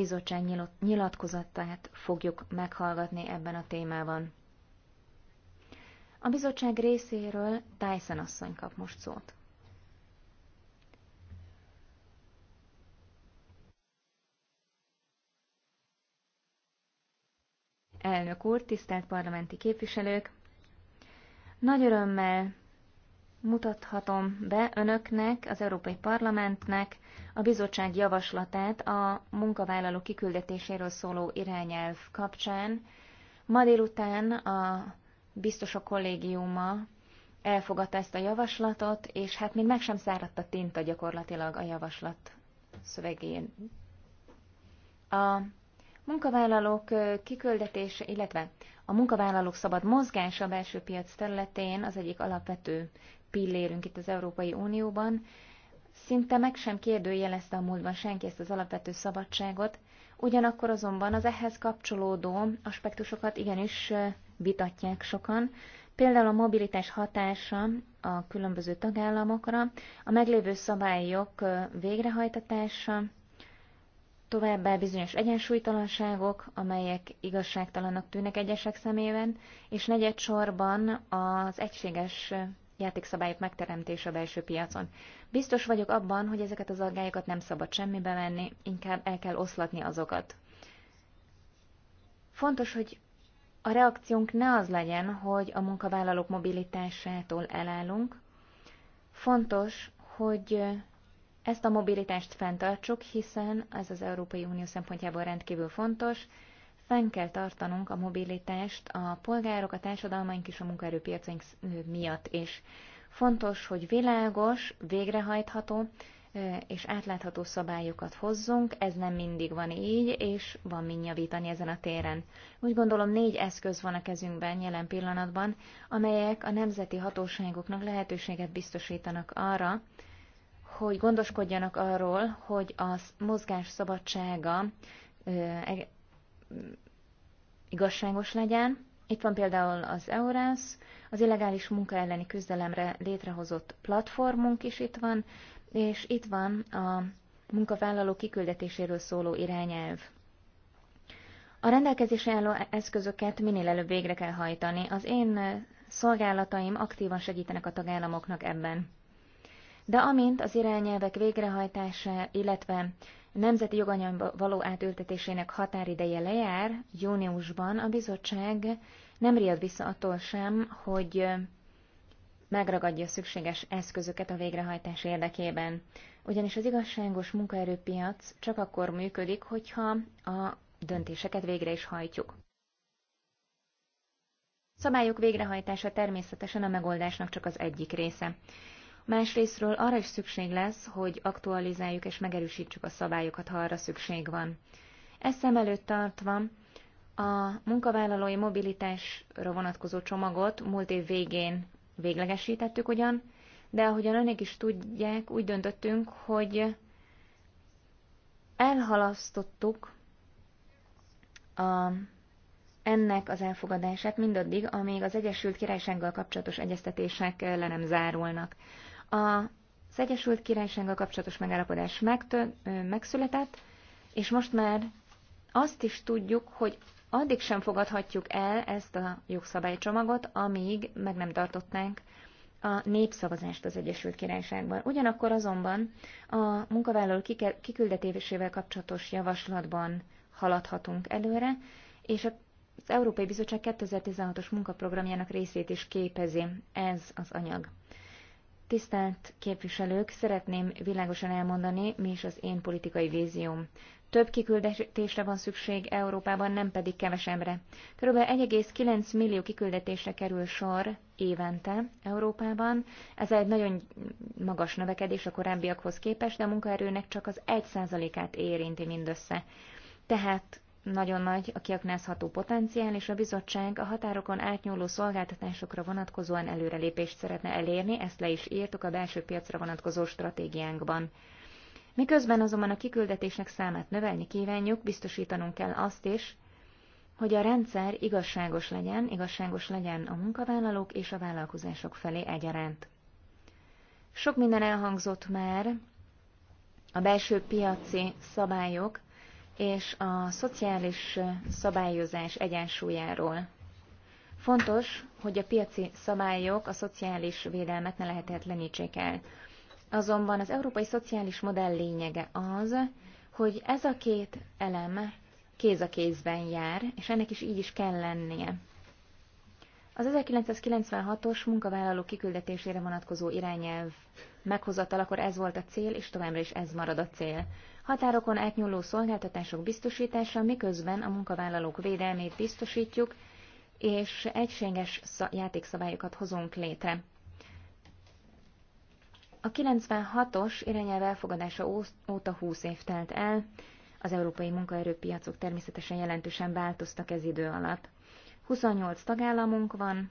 bizottság nyilatkozatát fogjuk meghallgatni ebben a témában. A bizottság részéről Tyson asszony kap most szót. Elnök úr, tisztelt parlamenti képviselők! Nagy örömmel mutathatom be önöknek, az Európai Parlamentnek a bizottság javaslatát a munkavállaló kiküldetéséről szóló irányelv kapcsán. Ma délután a biztosok kollégiuma elfogadta ezt a javaslatot, és hát még meg sem száradt a tinta gyakorlatilag a javaslat szövegén. A munkavállalók kiküldetése, illetve a munkavállalók szabad mozgása a belső piac területén az egyik alapvető pillérünk itt az Európai Unióban. Szinte meg sem kérdőjelezte a múltban senki ezt az alapvető szabadságot, ugyanakkor azonban az ehhez kapcsolódó aspektusokat igenis vitatják sokan, például a mobilitás hatása a különböző tagállamokra, a meglévő szabályok végrehajtatása, továbbá bizonyos egyensúlytalanságok, amelyek igazságtalannak tűnnek egyesek szemében, és negyed sorban az egységes játékszabályok megteremtése a belső piacon. Biztos vagyok abban, hogy ezeket az aggályokat nem szabad semmibe venni, inkább el kell oszlatni azokat. Fontos, hogy a reakciónk ne az legyen, hogy a munkavállalók mobilitásától elállunk. Fontos, hogy ezt a mobilitást fenntartsuk, hiszen ez az Európai Unió szempontjából rendkívül fontos, fenn kell tartanunk a mobilitást a polgárok, a társadalmaink és a munkaerőpiacaink miatt is. Fontos, hogy világos, végrehajtható és átlátható szabályokat hozzunk, ez nem mindig van így, és van mind javítani ezen a téren. Úgy gondolom négy eszköz van a kezünkben jelen pillanatban, amelyek a nemzeti hatóságoknak lehetőséget biztosítanak arra, hogy gondoskodjanak arról, hogy a mozgás szabadsága e- igazságos legyen. Itt van például az EURES, az illegális munka elleni küzdelemre létrehozott platformunk is itt van, és itt van a munkavállaló kiküldetéséről szóló irányelv. A rendelkezésre álló eszközöket minél előbb végre kell hajtani. Az én szolgálataim aktívan segítenek a tagállamoknak ebben de amint az irányelvek végrehajtása, illetve nemzeti joganyagba való átültetésének határideje lejár, júniusban a bizottság nem riad vissza attól sem, hogy megragadja szükséges eszközöket a végrehajtás érdekében. Ugyanis az igazságos munkaerőpiac csak akkor működik, hogyha a döntéseket végre is hajtjuk. Szabályok végrehajtása természetesen a megoldásnak csak az egyik része másrésztről arra is szükség lesz, hogy aktualizáljuk és megerősítsük a szabályokat, ha arra szükség van. Ezt szem előtt tartva a munkavállalói mobilitásra vonatkozó csomagot múlt év végén véglegesítettük ugyan, de ahogyan önök is tudják, úgy döntöttünk, hogy elhalasztottuk a, ennek az elfogadását mindaddig, amíg az Egyesült Királysággal kapcsolatos egyeztetések le nem zárulnak. Az Egyesült Királysággal kapcsolatos megállapodás megtön, megszületett, és most már azt is tudjuk, hogy addig sem fogadhatjuk el ezt a jogszabálycsomagot, amíg meg nem tartotnánk a népszavazást az Egyesült Királyságban. Ugyanakkor azonban a munkavállaló kiküldetésével kapcsolatos javaslatban haladhatunk előre, és az Európai Bizottság 2016-os munkaprogramjának részét is képezi ez az anyag. Tisztelt képviselők, szeretném világosan elmondani, mi is az én politikai vízióm. Több kiküldetésre van szükség Európában, nem pedig kevesembre. Körülbelül 1,9 millió kiküldetésre kerül sor évente Európában. Ez egy nagyon magas növekedés a korábbiakhoz képest, de a munkaerőnek csak az 1%-át érinti mindössze. Tehát nagyon nagy a kiaknázható potenciál, és a bizottság a határokon átnyúló szolgáltatásokra vonatkozóan előrelépést szeretne elérni, ezt le is írtuk a belső piacra vonatkozó stratégiánkban. Miközben azonban a kiküldetések számát növelni kívánjuk, biztosítanunk kell azt is, hogy a rendszer igazságos legyen, igazságos legyen a munkavállalók és a vállalkozások felé egyaránt. Sok minden elhangzott már, a belső piaci szabályok, és a szociális szabályozás egyensúlyáról. Fontos, hogy a piaci szabályok a szociális védelmet ne lehetetlenítsék el. Azonban az európai szociális modell lényege az, hogy ez a két elem kéz a kézben jár, és ennek is így is kell lennie. Az 1996-os munkavállalók kiküldetésére vonatkozó irányelv meghozatalakor ez volt a cél, és továbbra is ez marad a cél határokon átnyúló szolgáltatások biztosítása, miközben a munkavállalók védelmét biztosítjuk, és egységes játékszabályokat hozunk létre. A 96-os irányelv elfogadása óta 20 év telt el, az európai munkaerőpiacok természetesen jelentősen változtak ez idő alatt. 28 tagállamunk van,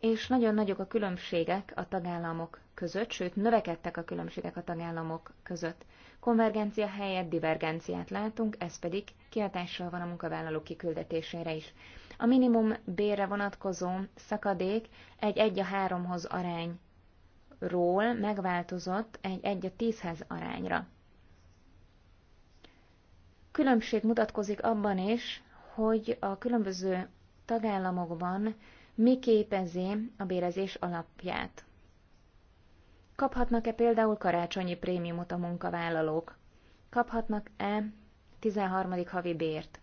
és nagyon nagyok a különbségek a tagállamok között, sőt növekedtek a különbségek a tagállamok között. Konvergencia helyett divergenciát látunk, ez pedig kiatással van a munkavállalók kiküldetésére is. A minimum bére vonatkozó szakadék egy 1 a 3-hoz arányról megváltozott egy 1 a 10-hez arányra. Különbség mutatkozik abban is, hogy a különböző tagállamokban mi képezi a bérezés alapját. Kaphatnak-e például karácsonyi prémiumot a munkavállalók? Kaphatnak-e 13. havi bért?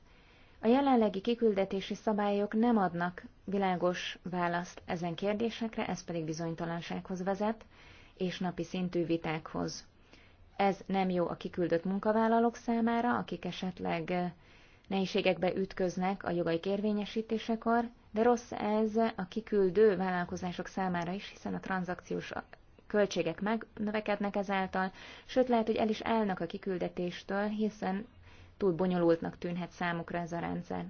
A jelenlegi kiküldetési szabályok nem adnak világos választ ezen kérdésekre, ez pedig bizonytalansághoz vezet, és napi szintű vitákhoz. Ez nem jó a kiküldött munkavállalók számára, akik esetleg nehézségekbe ütköznek a jogai érvényesítésekor, de rossz ez a kiküldő vállalkozások számára is, hiszen a tranzakciós költségek megnövekednek ezáltal, sőt lehet, hogy el is állnak a kiküldetéstől, hiszen túl bonyolultnak tűnhet számukra ez a rendszer.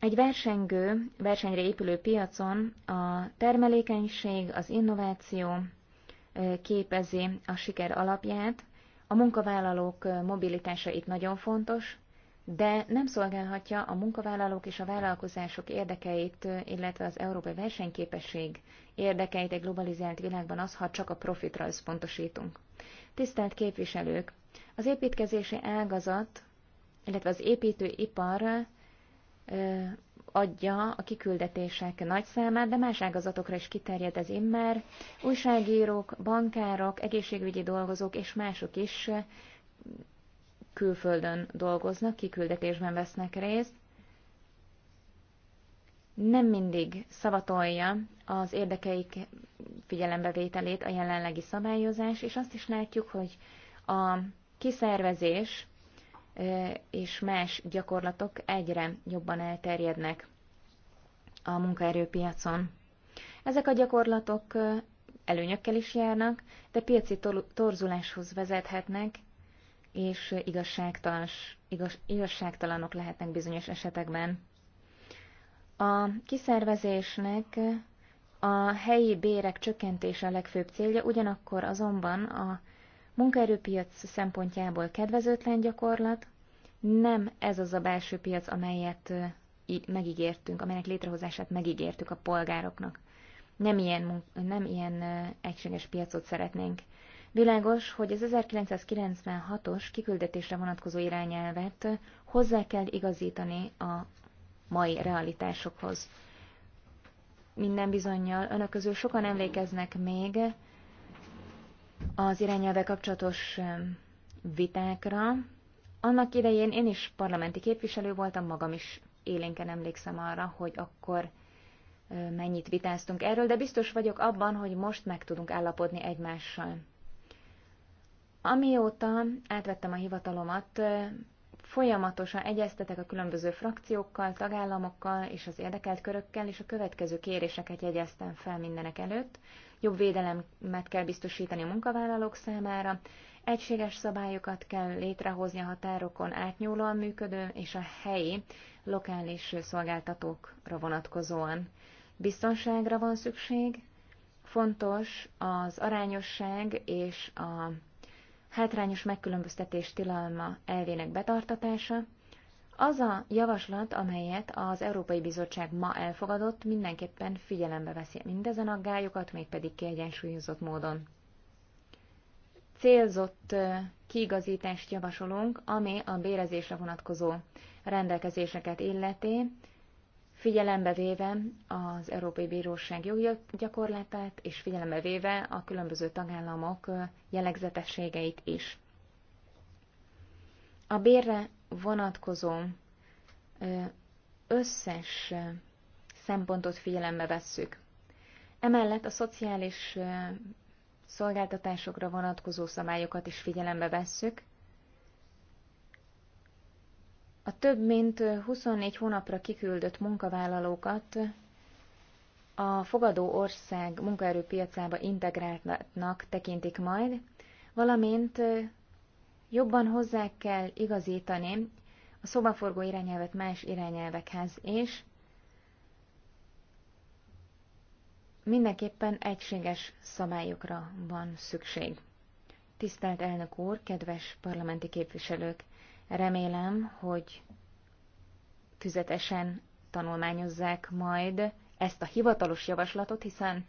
Egy versengő, versenyre épülő piacon a termelékenység, az innováció képezi a siker alapját, a munkavállalók mobilitása itt nagyon fontos, de nem szolgálhatja a munkavállalók és a vállalkozások érdekeit, illetve az európai versenyképesség érdekeit egy globalizált világban az, ha csak a profitra összpontosítunk. Tisztelt képviselők! Az építkezési ágazat, illetve az építőipar adja a kiküldetések nagy számát, de más ágazatokra is kiterjed ez immár. Újságírók, bankárok, egészségügyi dolgozók és mások is külföldön dolgoznak, kiküldetésben vesznek részt, nem mindig szavatolja az érdekeik figyelembevételét a jelenlegi szabályozás, és azt is látjuk, hogy a kiszervezés és más gyakorlatok egyre jobban elterjednek a munkaerőpiacon. Ezek a gyakorlatok előnyökkel is járnak, de piaci torzuláshoz vezethetnek, és igazságtalans, igaz, igazságtalanok lehetnek bizonyos esetekben. A kiszervezésnek a helyi bérek csökkentése a legfőbb célja, ugyanakkor azonban a munkaerőpiac szempontjából kedvezőtlen gyakorlat, nem ez az a belső piac, amelyet megígértünk, amelynek létrehozását megígértük a polgároknak. Nem ilyen, nem ilyen egységes piacot szeretnénk. Világos, hogy az 1996-os kiküldetésre vonatkozó irányelvet hozzá kell igazítani a mai realitásokhoz. Minden bizonyal önök közül sokan emlékeznek még az irányelve kapcsolatos vitákra. Annak idején én is parlamenti képviselő voltam, magam is élénken emlékszem arra, hogy akkor mennyit vitáztunk erről, de biztos vagyok abban, hogy most meg tudunk állapodni egymással. Amióta átvettem a hivatalomat, folyamatosan egyeztetek a különböző frakciókkal, tagállamokkal és az érdekelt körökkel, és a következő kéréseket jegyeztem fel mindenek előtt. Jobb védelemet kell biztosítani a munkavállalók számára, egységes szabályokat kell létrehozni a határokon átnyúlóan működő és a helyi, lokális szolgáltatókra vonatkozóan. Biztonságra van szükség, fontos az arányosság és a hátrányos megkülönböztetés tilalma elvének betartatása, az a javaslat, amelyet az Európai Bizottság ma elfogadott, mindenképpen figyelembe veszi mindezen aggályokat, mégpedig kiegyensúlyozott módon. Célzott kiigazítást javasolunk, ami a bérezésre vonatkozó rendelkezéseket illeti, figyelembe véve az Európai Bíróság gyakorlatát és figyelembe véve a különböző tagállamok jellegzetességeit is. A bérre vonatkozó összes szempontot figyelembe vesszük. Emellett a szociális szolgáltatásokra vonatkozó szabályokat is figyelembe vesszük, a több mint 24 hónapra kiküldött munkavállalókat a fogadó ország munkaerőpiacába integráltnak tekintik majd, valamint jobban hozzá kell igazítani a szobaforgó irányelvet más irányelvekhez, és mindenképpen egységes szabályokra van szükség. Tisztelt elnök úr, kedves parlamenti képviselők! Remélem, hogy tüzetesen tanulmányozzák majd ezt a hivatalos javaslatot, hiszen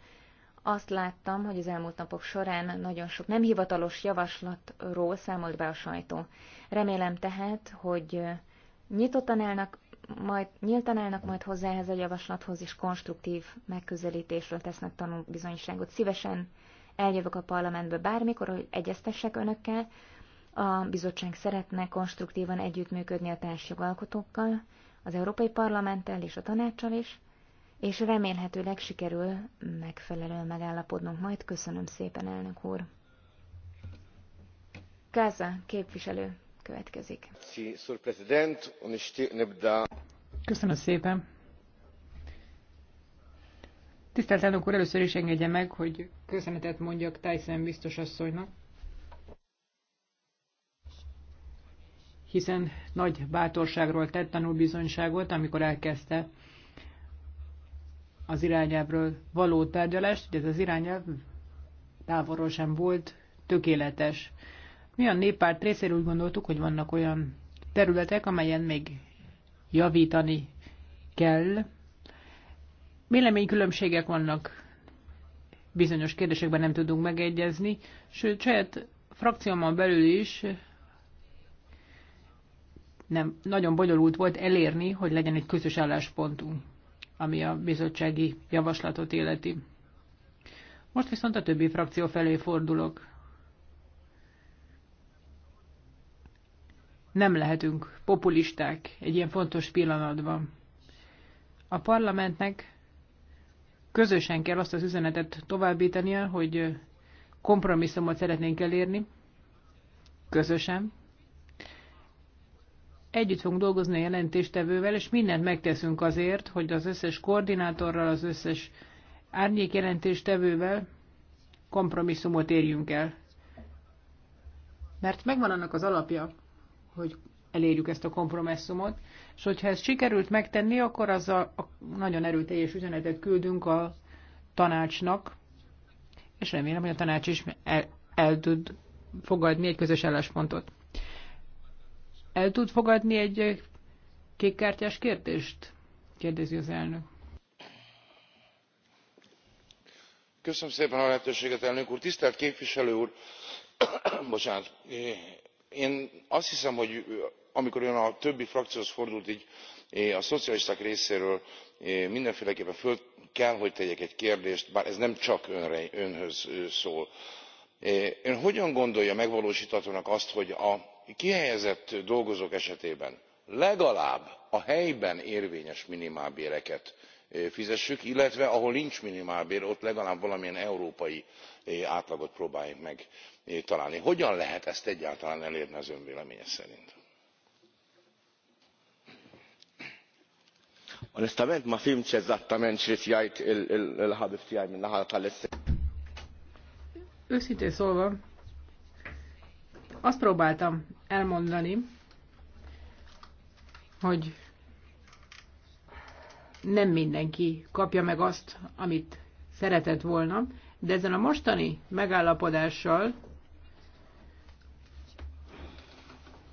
azt láttam, hogy az elmúlt napok során nagyon sok nem hivatalos javaslatról számolt be a sajtó. Remélem tehát, hogy nyitottan állnak, majd, nyíltan állnak majd hozzá ehhez a javaslathoz, és konstruktív megközelítésről tesznek tanúbizonyságot. Szívesen eljövök a parlamentbe bármikor, hogy egyeztessek önökkel, a bizottság szeretne konstruktívan együttműködni a társjogalkotókkal, az Európai Parlamenttel és a tanácssal is, és remélhetőleg sikerül megfelelően megállapodnunk majd. Köszönöm szépen, elnök úr! Káza képviselő következik. Köszönöm szépen! Tisztelt elnök úr, először is engedje meg, hogy köszönetet mondjak Tyson biztos asszonynak. hiszen nagy bátorságról tett tanúbizonyságot, amikor elkezdte az irányelvről való tárgyalást, hogy ez az irányelv távolról sem volt tökéletes. Mi a néppárt részéről úgy gondoltuk, hogy vannak olyan területek, amelyen még javítani kell. Véleménykülönbségek vannak, bizonyos kérdésekben nem tudunk megegyezni, sőt, saját frakciómon belül is nem, nagyon bonyolult volt elérni, hogy legyen egy közös álláspontunk, ami a bizottsági javaslatot életi. Most viszont a többi frakció felé fordulok. Nem lehetünk populisták egy ilyen fontos pillanatban. A parlamentnek közösen kell azt az üzenetet továbbítania, hogy kompromisszumot szeretnénk elérni, közösen, Együtt fogunk dolgozni a jelentéstevővel, és mindent megteszünk azért, hogy az összes koordinátorral, az összes árnyék jelentéstevővel kompromisszumot érjünk el. Mert megvan annak az alapja, hogy elérjük ezt a kompromisszumot, és hogyha ezt sikerült megtenni, akkor az a nagyon erőteljes üzenetet küldünk a tanácsnak, és remélem, hogy a tanács is el, el tud fogadni egy közös álláspontot. El tud fogadni egy kékkártyás kérdést? Kérdezi az elnök. Köszönöm szépen a lehetőséget, elnök úr. Tisztelt képviselő úr, bocsánat, én azt hiszem, hogy amikor ön a többi frakcióhoz fordult, így eh, a szocialisták részéről eh, mindenféleképpen föl kell, hogy tegyek egy kérdést, bár ez nem csak önre, önhöz szól. Eh, ön hogyan gondolja megvalósítatónak azt, hogy a kihelyezett dolgozók esetében legalább a helyben érvényes minimálbéreket fizessük illetve ahol nincs minimálbér ott legalább valamilyen európai átlagot próbáljunk meg találni. hogyan lehet ezt egyáltalán elérni az ön véleménye szerint? ma őszintén szólva azt próbáltam elmondani, hogy nem mindenki kapja meg azt, amit szeretett volna, de ezen a mostani megállapodással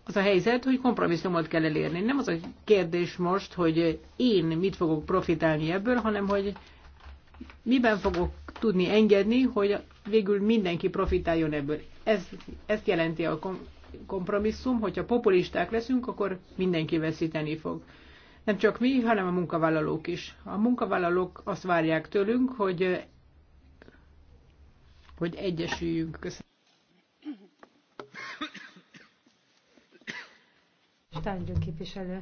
az a helyzet, hogy kompromisszumot kell elérni. Nem az a kérdés most, hogy én mit fogok profitálni ebből, hanem hogy miben fogok tudni engedni, hogy végül mindenki profitáljon ebből. Ez, ezt jelenti a kompromisszum, hogyha populisták leszünk, akkor mindenki veszíteni fog. Nem csak mi, hanem a munkavállalók is. A munkavállalók azt várják tőlünk, hogy, hogy egyesüljünk. Köszönöm. Tárgyaló képviselő.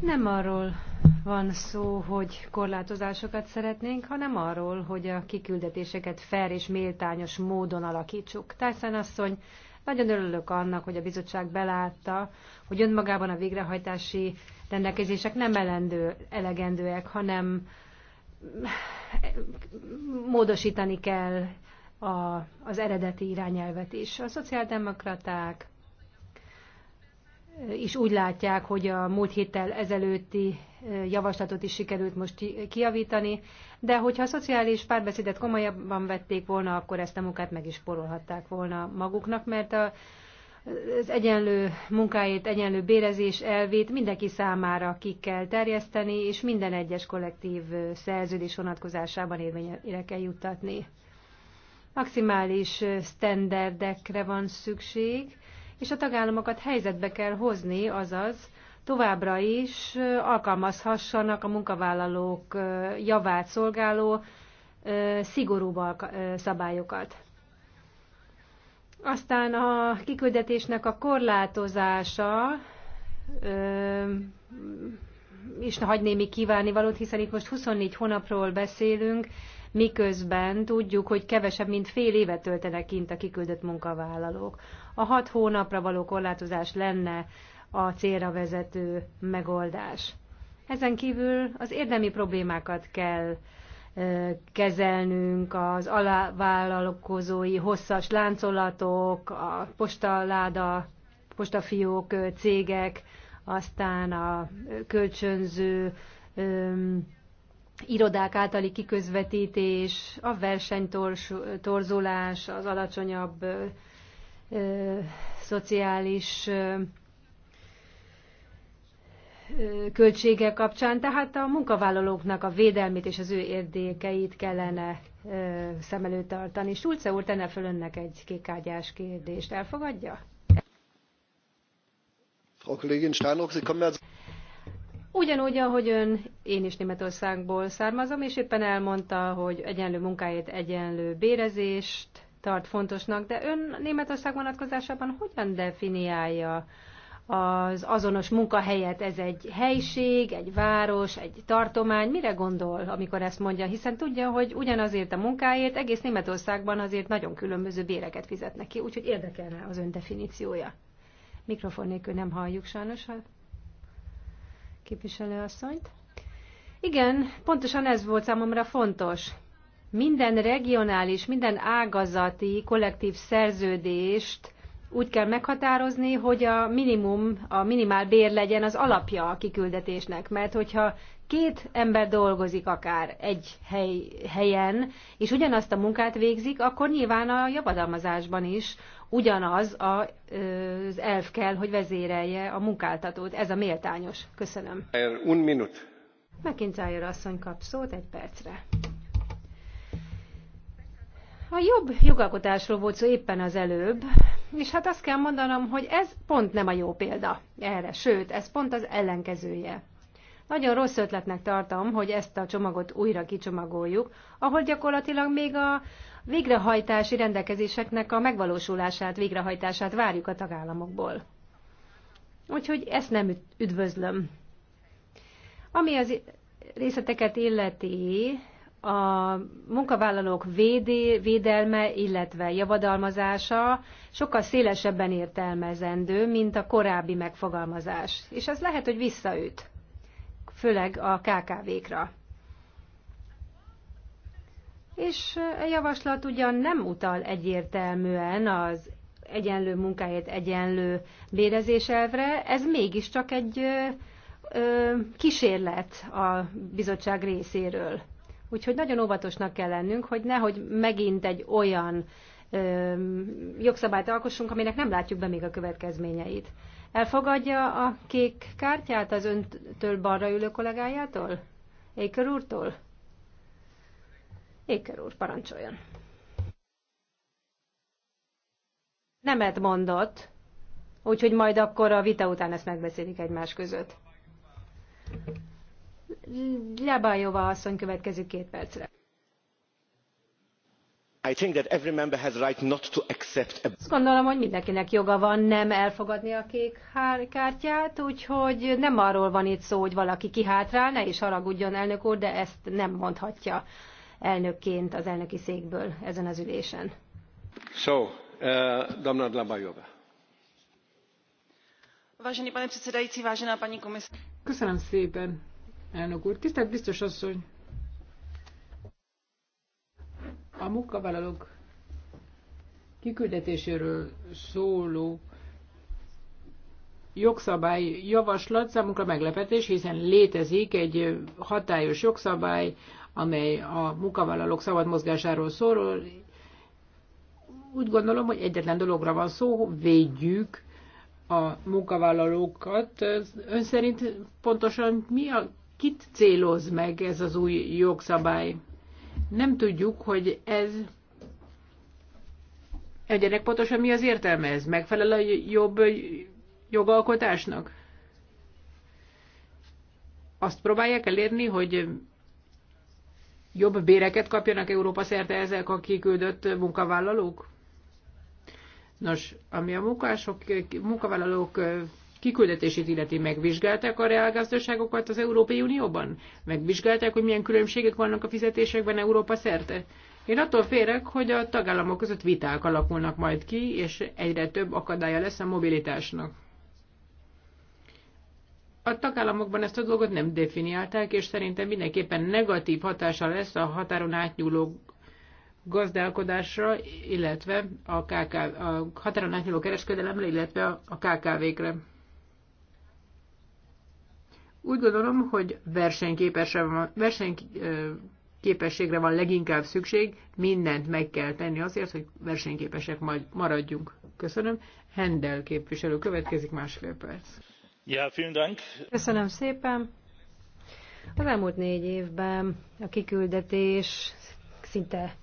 Nem arról van szó, hogy korlátozásokat szeretnénk, hanem arról, hogy a kiküldetéseket fair és méltányos módon alakítsuk. Tyson asszony, nagyon örülök annak, hogy a bizottság belátta, hogy önmagában a végrehajtási rendelkezések nem elendő, elegendőek, hanem módosítani kell a, az eredeti irányelvet is. A szociáldemokraták, is úgy látják, hogy a múlt héttel ezelőtti javaslatot is sikerült most kiavítani, de hogyha a szociális párbeszédet komolyabban vették volna, akkor ezt a munkát meg is porolhatták volna maguknak, mert a, az egyenlő munkáért, egyenlő bérezés elvét mindenki számára ki kell terjeszteni, és minden egyes kollektív szerződés vonatkozásában érvényre kell juttatni. Maximális sztenderdekre van szükség, és a tagállamokat helyzetbe kell hozni, azaz továbbra is alkalmazhassanak a munkavállalók javát szolgáló szigorúbb szabályokat. Aztán a kiküldetésnek a korlátozása is hagy némi kívánivalót, hiszen itt most 24 hónapról beszélünk, miközben tudjuk, hogy kevesebb, mint fél évet töltenek kint a kiküldött munkavállalók. A hat hónapra való korlátozás lenne a célra vezető megoldás. Ezen kívül az érdemi problémákat kell kezelnünk, az alávállalkozói hosszas láncolatok, a postaláda, postafiók, cégek, aztán a kölcsönző öm, irodák általi kiközvetítés, a versenytorzulás, az alacsonyabb ö, szociális ö, költsége kapcsán, tehát a munkavállalóknak a védelmét és az ő érdékeit kellene ö, szem előtt tartani. Sulce úr tenne föl önnek egy kékágyás kérdést. Elfogadja? Frau Kollegin Steinruck, Sie kommen jetzt... Ugyanúgy, ahogy ön, én is Németországból származom, és éppen elmondta, hogy egyenlő munkáért egyenlő bérezést tart fontosnak, de ön Németország vonatkozásában hogyan definiálja az azonos munkahelyet? Ez egy helység, egy város, egy tartomány? Mire gondol, amikor ezt mondja? Hiszen tudja, hogy ugyanazért a munkáért egész Németországban azért nagyon különböző béreket fizetnek ki, úgyhogy érdekelne az ön definíciója. Mikrofon nélkül nem halljuk sajnos a képviselőasszonyt. Igen, pontosan ez volt számomra fontos minden regionális, minden ágazati kollektív szerződést úgy kell meghatározni, hogy a minimum, a minimál bér legyen az alapja a kiküldetésnek, mert hogyha két ember dolgozik akár egy hely, helyen, és ugyanazt a munkát végzik, akkor nyilván a javadalmazásban is ugyanaz a, az elf kell, hogy vezérelje a munkáltatót. Ez a méltányos. Köszönöm. Un minut. McIntyre asszony kap szót egy percre. A jobb jogalkotásról volt szó éppen az előbb, és hát azt kell mondanom, hogy ez pont nem a jó példa erre, sőt, ez pont az ellenkezője. Nagyon rossz ötletnek tartom, hogy ezt a csomagot újra kicsomagoljuk, ahol gyakorlatilag még a végrehajtási rendelkezéseknek a megvalósulását, végrehajtását várjuk a tagállamokból. Úgyhogy ezt nem üdvözlöm. Ami az részleteket illeti, a munkavállalók védé, védelme, illetve javadalmazása sokkal szélesebben értelmezendő, mint a korábbi megfogalmazás. És ez lehet, hogy visszaüt, főleg a KKV-kra. És a javaslat ugyan nem utal egyértelműen az egyenlő munkáért egyenlő bérezés elvre, ez mégiscsak egy ö, ö, kísérlet a bizottság részéről Úgyhogy nagyon óvatosnak kell lennünk, hogy nehogy megint egy olyan ö, jogszabályt alkossunk, aminek nem látjuk be még a következményeit. Elfogadja a kék kártyát az öntől balra ülő kollégájától? Éker úrtól? Éker úr, parancsoljon. Nemet mondott, úgyhogy majd akkor a vita után ezt megbeszélik egymás között. Lebajova asszony következő két percre. I think that every member has right not to accept a... Azt gondolom, hogy mindenkinek joga van nem elfogadni a kék kártyát, úgyhogy nem arról van itt szó, hogy valaki kihátrál, ne is haragudjon elnök úr, de ezt nem mondhatja elnökként az elnöki székből ezen az ülésen. So, uh, Damna Labajova. Vážený pane předsedající, vážená paní komisár. Köszönöm szépen, Elnök úr, tisztelt biztos asszony! A munkavállalók kiküldetéséről szóló jogszabály javaslat számunkra meglepetés, hiszen létezik egy hatályos jogszabály, amely a munkavállalók szabad mozgásáról szól. Úgy gondolom, hogy egyetlen dologra van szó, védjük a munkavállalókat. Ön szerint pontosan mi a Kit céloz meg ez az új jogszabály? Nem tudjuk, hogy ez egyenek pontosan mi az értelme ez? Megfelel a jobb jogalkotásnak? Azt próbálják elérni, hogy jobb béreket kapjanak Európa szerte ezek a kiküldött munkavállalók? Nos, ami a munkások, munkavállalók kiküldetését illeti megvizsgálták a reálgazdaságokat az Európai Unióban? Megvizsgálták, hogy milyen különbségek vannak a fizetésekben Európa szerte? Én attól félek, hogy a tagállamok között viták alakulnak majd ki, és egyre több akadálya lesz a mobilitásnak. A tagállamokban ezt a dolgot nem definiálták, és szerintem mindenképpen negatív hatása lesz a határon átnyúló gazdálkodásra, illetve a, KK, a határon átnyúló kereskedelemre, illetve a KKV-kre. Úgy gondolom, hogy versenyképesre van, versenyképességre van leginkább szükség, mindent meg kell tenni azért, hogy versenyképesek majd maradjunk. Köszönöm. Hendel képviselő következik másfél perc. Ja, vielen Dank. Köszönöm szépen. Az elmúlt négy évben a kiküldetés szinte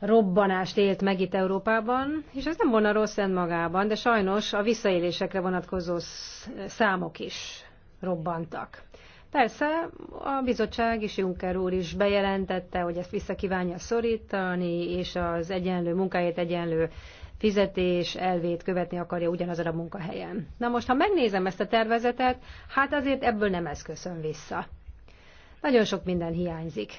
robbanást élt meg itt Európában, és ez nem volna rossz magában, de sajnos a visszaélésekre vonatkozó számok is robbantak. Persze a bizottság és Juncker úr is bejelentette, hogy ezt vissza kívánja szorítani, és az egyenlő munkáért egyenlő fizetés elvét követni akarja ugyanazon a munkahelyen. Na most, ha megnézem ezt a tervezetet, hát azért ebből nem ez köszön vissza. Nagyon sok minden hiányzik.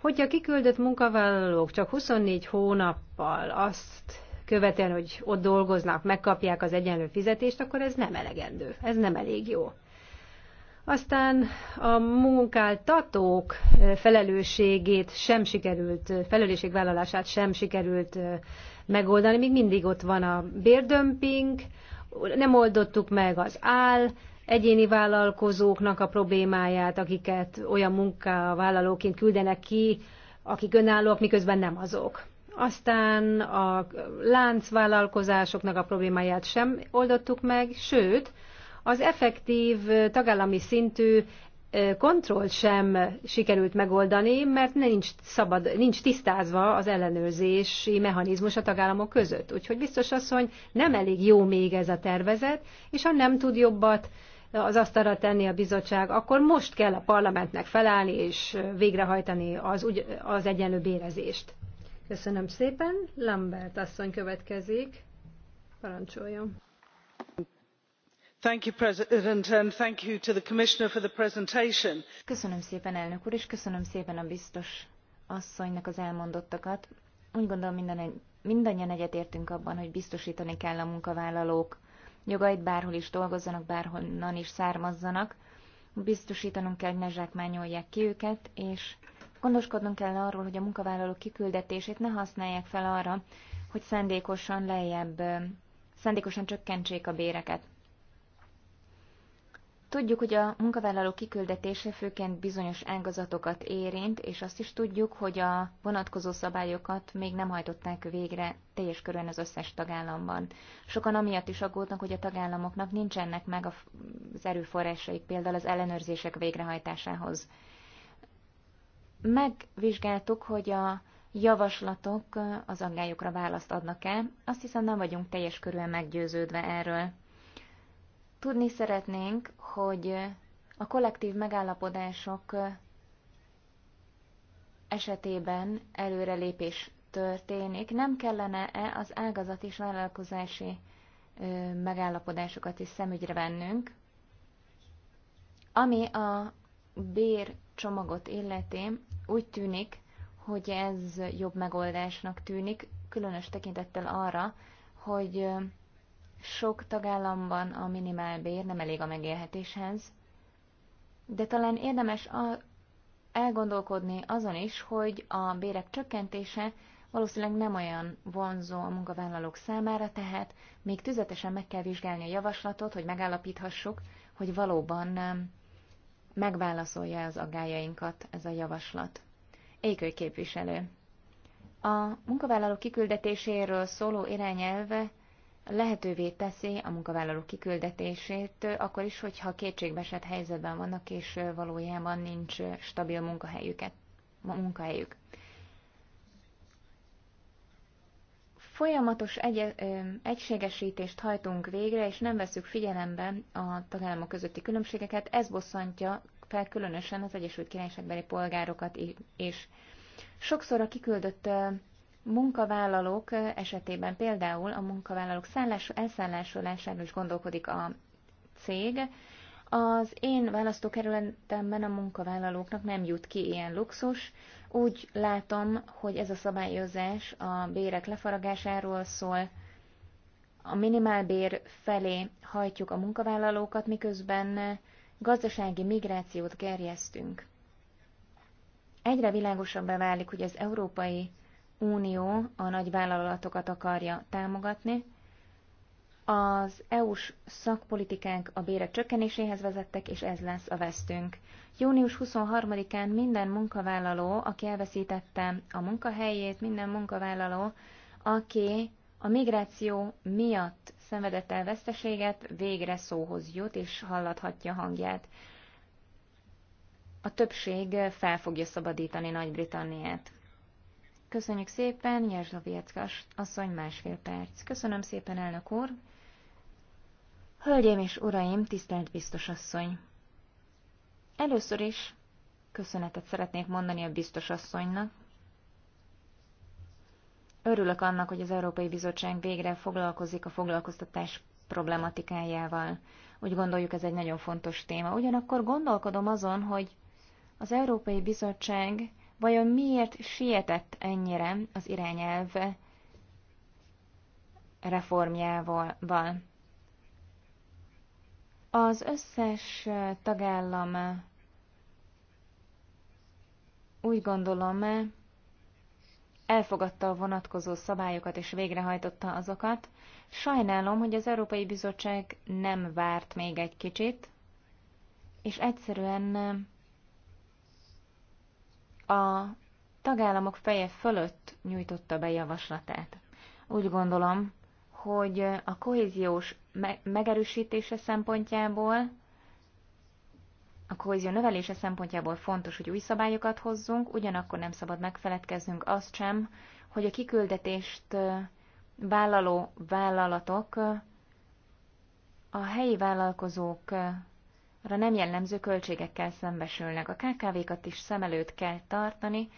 Hogyha kiküldött munkavállalók csak 24 hónappal azt követően, hogy ott dolgoznak, megkapják az egyenlő fizetést, akkor ez nem elegendő, ez nem elég jó. Aztán a munkáltatók felelősségét sem sikerült, felelősségvállalását sem sikerült megoldani, még mindig ott van a bérdömping, nem oldottuk meg az áll, egyéni vállalkozóknak a problémáját, akiket olyan munkavállalóként küldenek ki, akik önállóak, miközben nem azok aztán a láncvállalkozásoknak a problémáját sem oldottuk meg, sőt, az effektív tagállami szintű kontrollt sem sikerült megoldani, mert nincs, szabad, nincs tisztázva az ellenőrzési mechanizmus a tagállamok között. Úgyhogy biztos asszony, nem elég jó még ez a tervezet, és ha nem tud jobbat az asztalra tenni a bizottság, akkor most kell a parlamentnek felállni és végrehajtani az, az egyenlő bérezést. Köszönöm szépen. Lambert asszony következik. Parancsoljon. Thank you, President, and thank you to the Commissioner for the presentation. Köszönöm szépen, elnök úr, és köszönöm szépen a biztos asszonynak az elmondottakat. Úgy gondolom, minden, mindannyian egyetértünk abban, hogy biztosítani kell a munkavállalók jogait, bárhol is dolgozzanak, bárhonnan is származzanak. Biztosítanunk kell, hogy ne zsákmányolják ki őket, és Gondoskodnunk kell arról, hogy a munkavállalók kiküldetését ne használják fel arra, hogy szándékosan lejjebb, szándékosan csökkentsék a béreket. Tudjuk, hogy a munkavállalók kiküldetése főként bizonyos ágazatokat érint, és azt is tudjuk, hogy a vonatkozó szabályokat még nem hajtották végre teljes körön az összes tagállamban. Sokan amiatt is aggódnak, hogy a tagállamoknak nincsenek meg az erőforrásaik például az ellenőrzések végrehajtásához megvizsgáltuk, hogy a javaslatok az aggályokra választ adnak-e. Azt hiszem nem vagyunk teljes körülön meggyőződve erről. Tudni szeretnénk, hogy a kollektív megállapodások esetében előrelépés történik, nem kellene-e az ágazat és vállalkozási megállapodásokat is szemügyre vennünk, ami a bércsomagot illeti, úgy tűnik, hogy ez jobb megoldásnak tűnik, különös tekintettel arra, hogy sok tagállamban a minimálbér nem elég a megélhetéshez, de talán érdemes a, elgondolkodni azon is, hogy a bérek csökkentése valószínűleg nem olyan vonzó a munkavállalók számára, tehát még tüzetesen meg kell vizsgálni a javaslatot, hogy megállapíthassuk, hogy valóban megválaszolja az aggájainkat ez a javaslat. Ékő képviselő. A munkavállalók kiküldetéséről szóló irányelve lehetővé teszi a munkavállalók kiküldetését, akkor is, hogyha kétségbesett helyzetben vannak, és valójában nincs stabil munkahelyük. munkahelyük. Folyamatos egy, egységesítést hajtunk végre, és nem veszük figyelembe a tagállamok közötti különbségeket, ez bosszantja fel különösen az Egyesült Királyságbeli polgárokat is. Sokszor a kiküldött munkavállalók esetében például a munkavállalók szállás, elszállásolásáról is gondolkodik a cég. Az én választókerületemben a munkavállalóknak nem jut ki ilyen luxus, úgy látom, hogy ez a szabályozás a bérek lefaragásáról szól, a minimálbér felé hajtjuk a munkavállalókat, miközben gazdasági migrációt gerjesztünk. Egyre világosabbá válik, hogy az Európai Unió a nagyvállalatokat akarja támogatni, az EU-s szakpolitikánk a bérek csökkenéséhez vezettek, és ez lesz a vesztünk. Június 23-án minden munkavállaló, aki elveszítette a munkahelyét, minden munkavállaló, aki a migráció miatt szenvedett el veszteséget, végre szóhoz jut és hallathatja hangját. A többség fel fogja szabadítani Nagy-Britanniát. Köszönjük szépen, Jerzslovieckas asszony másfél perc. Köszönöm szépen, elnök úr, Hölgyeim és uraim, tisztelt biztos asszony! Először is köszönetet szeretnék mondani a biztos asszonynak. Örülök annak, hogy az Európai Bizottság végre foglalkozik a foglalkoztatás problematikájával. Úgy gondoljuk, ez egy nagyon fontos téma. Ugyanakkor gondolkodom azon, hogy az Európai Bizottság vajon miért sietett ennyire az irányelv reformjával. Az összes tagállam úgy gondolom elfogadta a vonatkozó szabályokat és végrehajtotta azokat. Sajnálom, hogy az Európai Bizottság nem várt még egy kicsit, és egyszerűen a tagállamok feje fölött nyújtotta be javaslatát. Úgy gondolom, hogy a kohéziós megerősítése szempontjából, a kohézió növelése szempontjából fontos, hogy új szabályokat hozzunk, ugyanakkor nem szabad megfeledkeznünk azt sem, hogy a kiküldetést vállaló vállalatok a helyi vállalkozókra nem jellemző költségekkel szembesülnek. A KKV-kat is szem előtt kell tartani,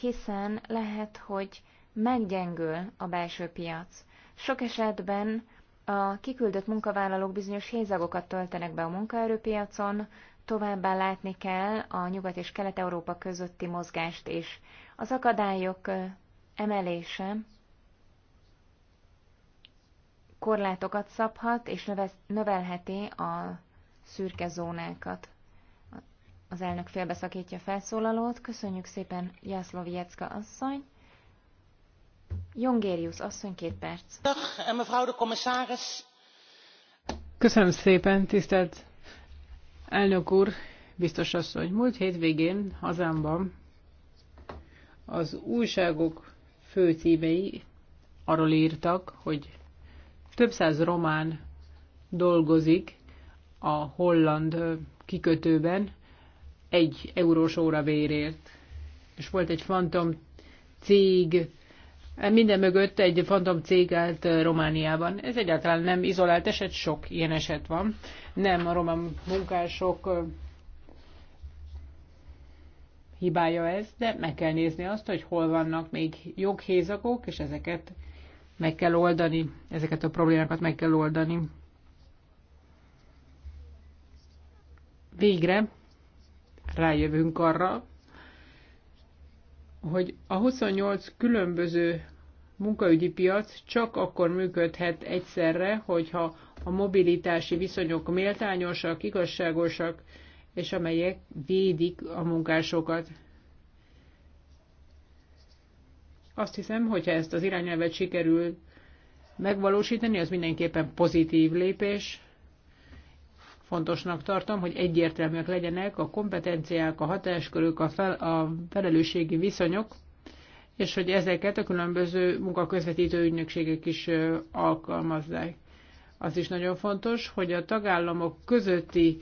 hiszen lehet, hogy meggyengül a belső piac. Sok esetben a kiküldött munkavállalók bizonyos hézagokat töltenek be a munkaerőpiacon, továbbá látni kell a Nyugat és Kelet-Európa közötti mozgást is. Az akadályok emelése korlátokat szabhat és növelheti a szürke zónákat. Az elnök félbeszakítja felszólalót. Köszönjük szépen Jászlovjecka asszony. Jongerius, asszony, két perc. Köszönöm szépen, tisztelt elnök úr, biztos asszony. Múlt hétvégén hazámban az újságok főcímei arról írtak, hogy több száz román dolgozik a holland kikötőben egy eurós óra vérért. És volt egy fantom cég, minden mögött egy fantom cég állt Romániában. Ez egyáltalán nem izolált eset, sok ilyen eset van. Nem a román munkások hibája ez, de meg kell nézni azt, hogy hol vannak még joghézakok, és ezeket meg kell oldani, ezeket a problémákat meg kell oldani. Végre rájövünk arra, hogy a 28 különböző munkaügyi piac csak akkor működhet egyszerre, hogyha a mobilitási viszonyok méltányosak, igazságosak, és amelyek védik a munkásokat. Azt hiszem, hogyha ezt az irányelvet sikerül megvalósítani, az mindenképpen pozitív lépés, Fontosnak tartom, hogy egyértelműek legyenek a kompetenciák, a hatáskörök, a, fel, a felelősségi viszonyok, és hogy ezeket a különböző munkaközvetítő ügynökségek is alkalmazzák. Az is nagyon fontos, hogy a tagállamok közötti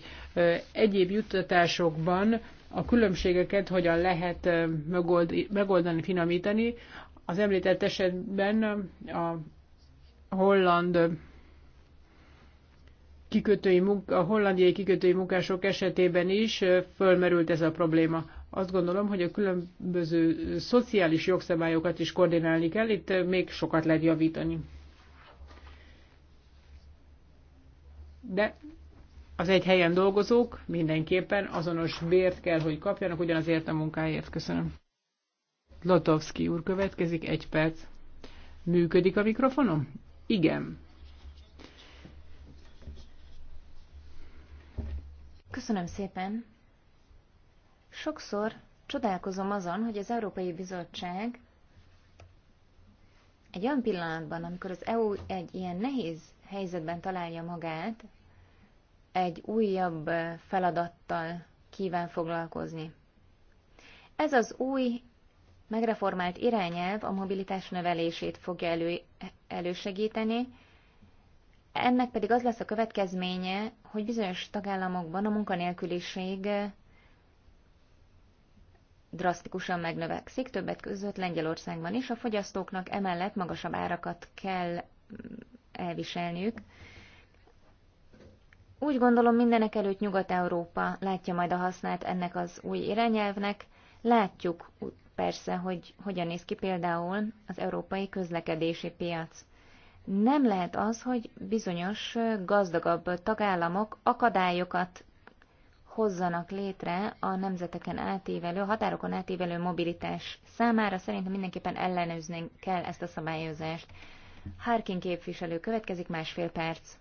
egyéb juttatásokban a különbségeket hogyan lehet megoldani, finomítani. Az említett esetben a holland kikötői munka, a hollandiai kikötői munkások esetében is fölmerült ez a probléma. Azt gondolom, hogy a különböző szociális jogszabályokat is koordinálni kell, itt még sokat lehet javítani. De az egy helyen dolgozók mindenképpen azonos bért kell, hogy kapjanak ugyanazért a munkáért. Köszönöm. Lotovski úr következik, egy perc. Működik a mikrofonom? Igen. Köszönöm szépen. Sokszor csodálkozom azon, hogy az Európai Bizottság egy olyan pillanatban, amikor az EU egy ilyen nehéz helyzetben találja magát, egy újabb feladattal kíván foglalkozni. Ez az új, megreformált irányelv a mobilitás növelését fogja elő, elősegíteni, ennek pedig az lesz a következménye, hogy bizonyos tagállamokban a munkanélküliség eh, drasztikusan megnövekszik, többet között Lengyelországban is. A fogyasztóknak emellett magasabb árakat kell mm, elviselniük. Úgy gondolom mindenek előtt Nyugat-Európa látja majd a hasznát ennek az új irányelvnek. Látjuk persze, hogy hogyan néz ki például az európai közlekedési piac. Nem lehet az, hogy bizonyos gazdagabb tagállamok akadályokat hozzanak létre a nemzeteken átívelő, a határokon átívelő mobilitás számára. Szerintem mindenképpen ellenőzni kell ezt a szabályozást. Harkin képviselő következik másfél perc.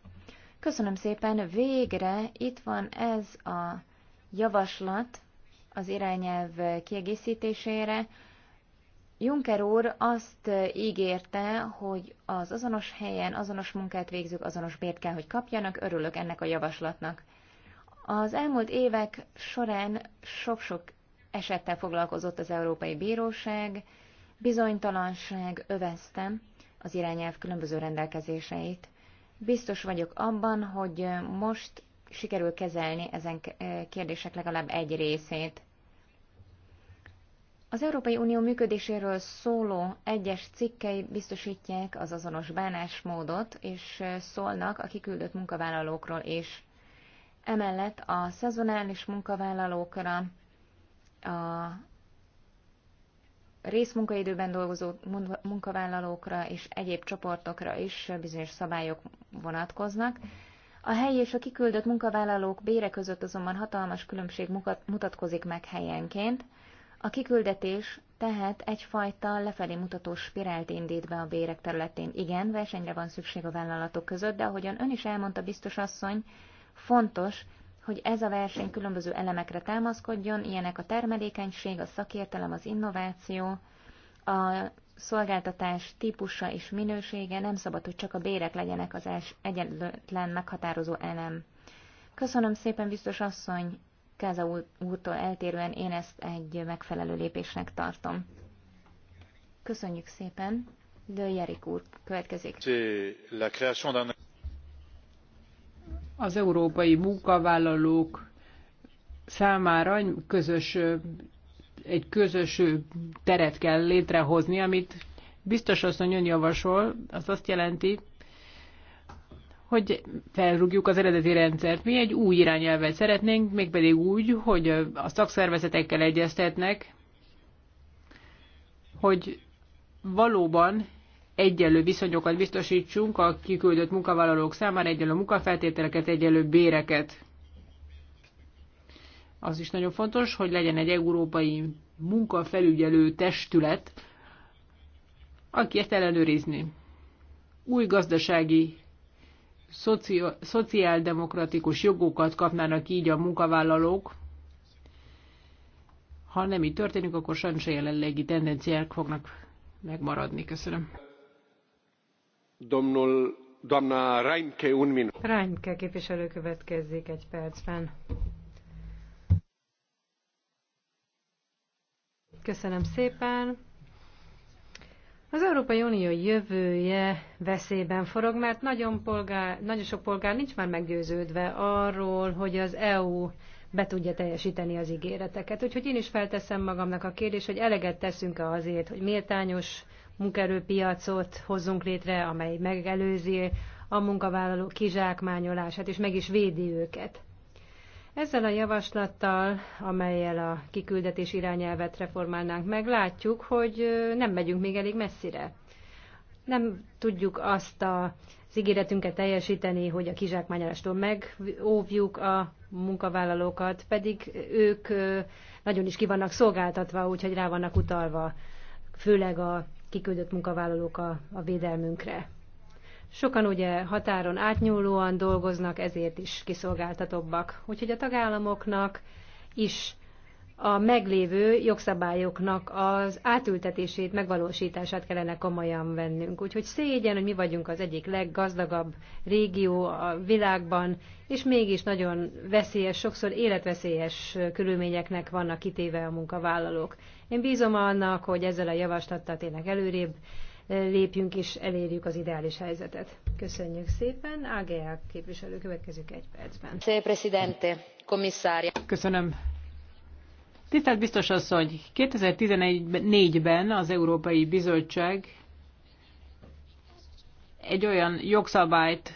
Köszönöm szépen, végre itt van ez a javaslat az irányelv kiegészítésére. Juncker úr azt ígérte, hogy az azonos helyen azonos munkát végzők azonos bért kell, hogy kapjanak, örülök ennek a javaslatnak. Az elmúlt évek során sok-sok esettel foglalkozott az Európai Bíróság, bizonytalanság övezte az irányelv különböző rendelkezéseit. Biztos vagyok abban, hogy most sikerül kezelni ezen kérdések legalább egy részét. Az Európai Unió működéséről szóló egyes cikkei biztosítják az azonos bánásmódot, és szólnak a kiküldött munkavállalókról is. Emellett a szezonális munkavállalókra, a részmunkaidőben dolgozó munkavállalókra és egyéb csoportokra is bizonyos szabályok vonatkoznak. A helyi és a kiküldött munkavállalók bére között azonban hatalmas különbség mutatkozik meg helyenként, a kiküldetés tehát egyfajta lefelé mutató spirált indít be a bérek területén. Igen, versenyre van szükség a vállalatok között, de ahogyan ön is elmondta, biztos asszony, fontos, hogy ez a verseny különböző elemekre támaszkodjon, ilyenek a termelékenység, a szakértelem, az innováció, a szolgáltatás típusa és minősége, nem szabad, hogy csak a bérek legyenek az egyetlen meghatározó elem. Köszönöm szépen, biztos asszony, Káza úrtól eltérően én ezt egy megfelelő lépésnek tartom. Köszönjük szépen. De Jerik úr következik. Az európai munkavállalók számára közös, egy közös teret kell létrehozni, amit biztos hogy ön javasol, az azt jelenti, hogy felrúgjuk az eredeti rendszert. Mi egy új irányelvet szeretnénk, mégpedig úgy, hogy a szakszervezetekkel egyeztetnek, hogy valóban egyenlő viszonyokat biztosítsunk a kiküldött munkavállalók számára, egyenlő munkafeltételeket, egyenlő béreket. Az is nagyon fontos, hogy legyen egy európai munkafelügyelő testület, aki ezt ellenőrizni. Új gazdasági szocio- szociáldemokratikus jogokat kapnának így a munkavállalók. Ha nem így történik, akkor sajnos a jelenlegi tendenciák fognak megmaradni. Köszönöm. Domnul, Domna Reimke, un minut. Reimke képviselő következzék egy percben. Köszönöm szépen. Az Európai Unió jövője veszélyben forog, mert nagyon, polgár, nagyon sok polgár nincs már meggyőződve arról, hogy az EU be tudja teljesíteni az ígéreteket. Úgyhogy én is felteszem magamnak a kérdést, hogy eleget teszünk-e azért, hogy méltányos munkerőpiacot hozzunk létre, amely megelőzi a munkavállalók kizsákmányolását, és meg is védi őket. Ezzel a javaslattal, amelyel a kiküldetés irányelvet reformálnánk meg, látjuk, hogy nem megyünk még elég messzire. Nem tudjuk azt a az ígéretünket teljesíteni, hogy a kizsákmányolástól megóvjuk a munkavállalókat, pedig ők nagyon is ki vannak szolgáltatva, úgyhogy rá vannak utalva, főleg a kiküldött munkavállalók a, a védelmünkre. Sokan ugye határon átnyúlóan dolgoznak, ezért is kiszolgáltatobbak. Úgyhogy a tagállamoknak is a meglévő jogszabályoknak az átültetését, megvalósítását kellene komolyan vennünk. Úgyhogy szégyen, hogy mi vagyunk az egyik leggazdagabb régió a világban, és mégis nagyon veszélyes, sokszor életveszélyes körülményeknek vannak kitéve a munkavállalók. Én bízom annak, hogy ezzel a javaslattal tényleg előrébb lépjünk és elérjük az ideális helyzetet. Köszönjük szépen. AGA képviselő következik egy percben. Köszönöm. Tisztelt biztos asszony, 2014-ben az Európai Bizottság egy olyan jogszabályt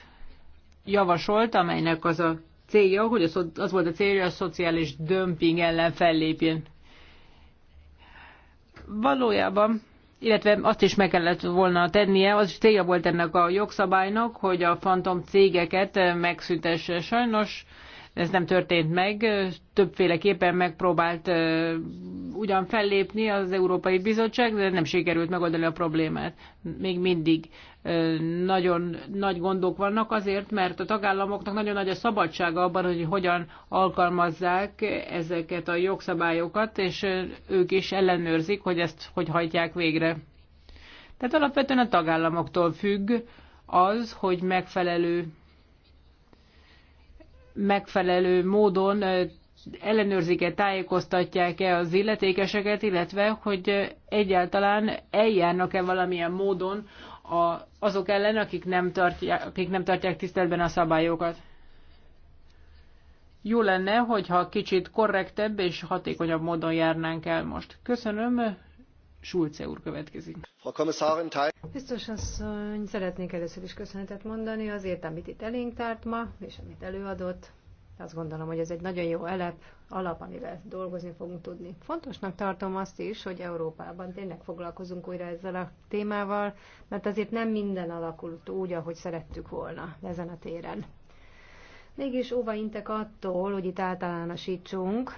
javasolt, amelynek az a célja, hogy az volt a célja, hogy a szociális dömping ellen fellépjen. Valójában illetve azt is meg kellett volna tennie, az is célja volt ennek a jogszabálynak, hogy a fantom cégeket megszüntesse. Sajnos ez nem történt meg, többféleképpen megpróbált ugyan fellépni az Európai Bizottság, de nem sikerült megoldani a problémát még mindig nagyon nagy gondok vannak azért, mert a tagállamoknak nagyon nagy a szabadsága abban, hogy hogyan alkalmazzák ezeket a jogszabályokat, és ők is ellenőrzik, hogy ezt hogy hajtják végre. Tehát alapvetően a tagállamoktól függ az, hogy megfelelő megfelelő módon ellenőrzik-e, tájékoztatják-e az illetékeseket, illetve hogy egyáltalán eljárnak-e valamilyen módon a, azok ellen, akik nem, tartják, akik nem tartják tiszteletben a szabályokat. Jó lenne, hogyha kicsit korrektebb és hatékonyabb módon járnánk el most. Köszönöm, Schulze úr következik. Biztos asszony, szeretnék először is köszönetet mondani azért, amit itt elénk tárt ma, és amit előadott. Azt gondolom, hogy ez egy nagyon jó elep, alap, amivel dolgozni fogunk tudni. Fontosnak tartom azt is, hogy Európában tényleg foglalkozunk újra ezzel a témával, mert azért nem minden alakult úgy, ahogy szerettük volna ezen a téren. Mégis óva intek attól, hogy itt általánosítsunk,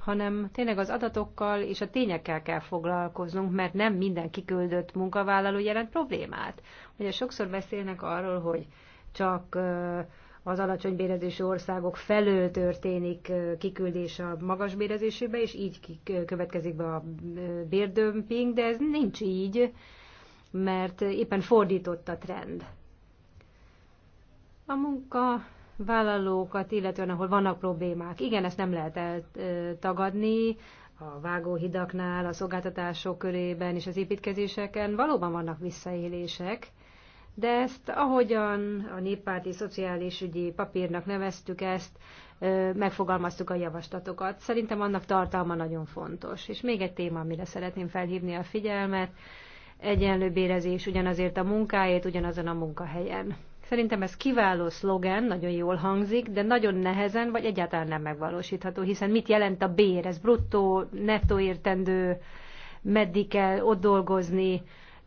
hanem tényleg az adatokkal és a tényekkel kell foglalkoznunk, mert nem minden kiküldött munkavállaló jelent problémát. Ugye sokszor beszélnek arról, hogy csak az alacsony bérezésű országok felől történik kiküldés a magas bérezésébe, és így következik be a bérdömping, de ez nincs így, mert éppen fordított a trend. A munka vállalókat, illetően ahol vannak problémák. Igen, ezt nem lehet eltagadni, a vágóhidaknál, a szolgáltatások körében és az építkezéseken valóban vannak visszaélések, de ezt ahogyan a néppárti szociális ügyi papírnak neveztük ezt, megfogalmaztuk a javaslatokat. Szerintem annak tartalma nagyon fontos. És még egy téma, amire szeretném felhívni a figyelmet, egyenlő bérezés ugyanazért a munkáért, ugyanazon a munkahelyen. Szerintem ez kiváló szlogen, nagyon jól hangzik, de nagyon nehezen, vagy egyáltalán nem megvalósítható, hiszen mit jelent a bér? Ez bruttó, nettó értendő, meddig kell ott dolgozni,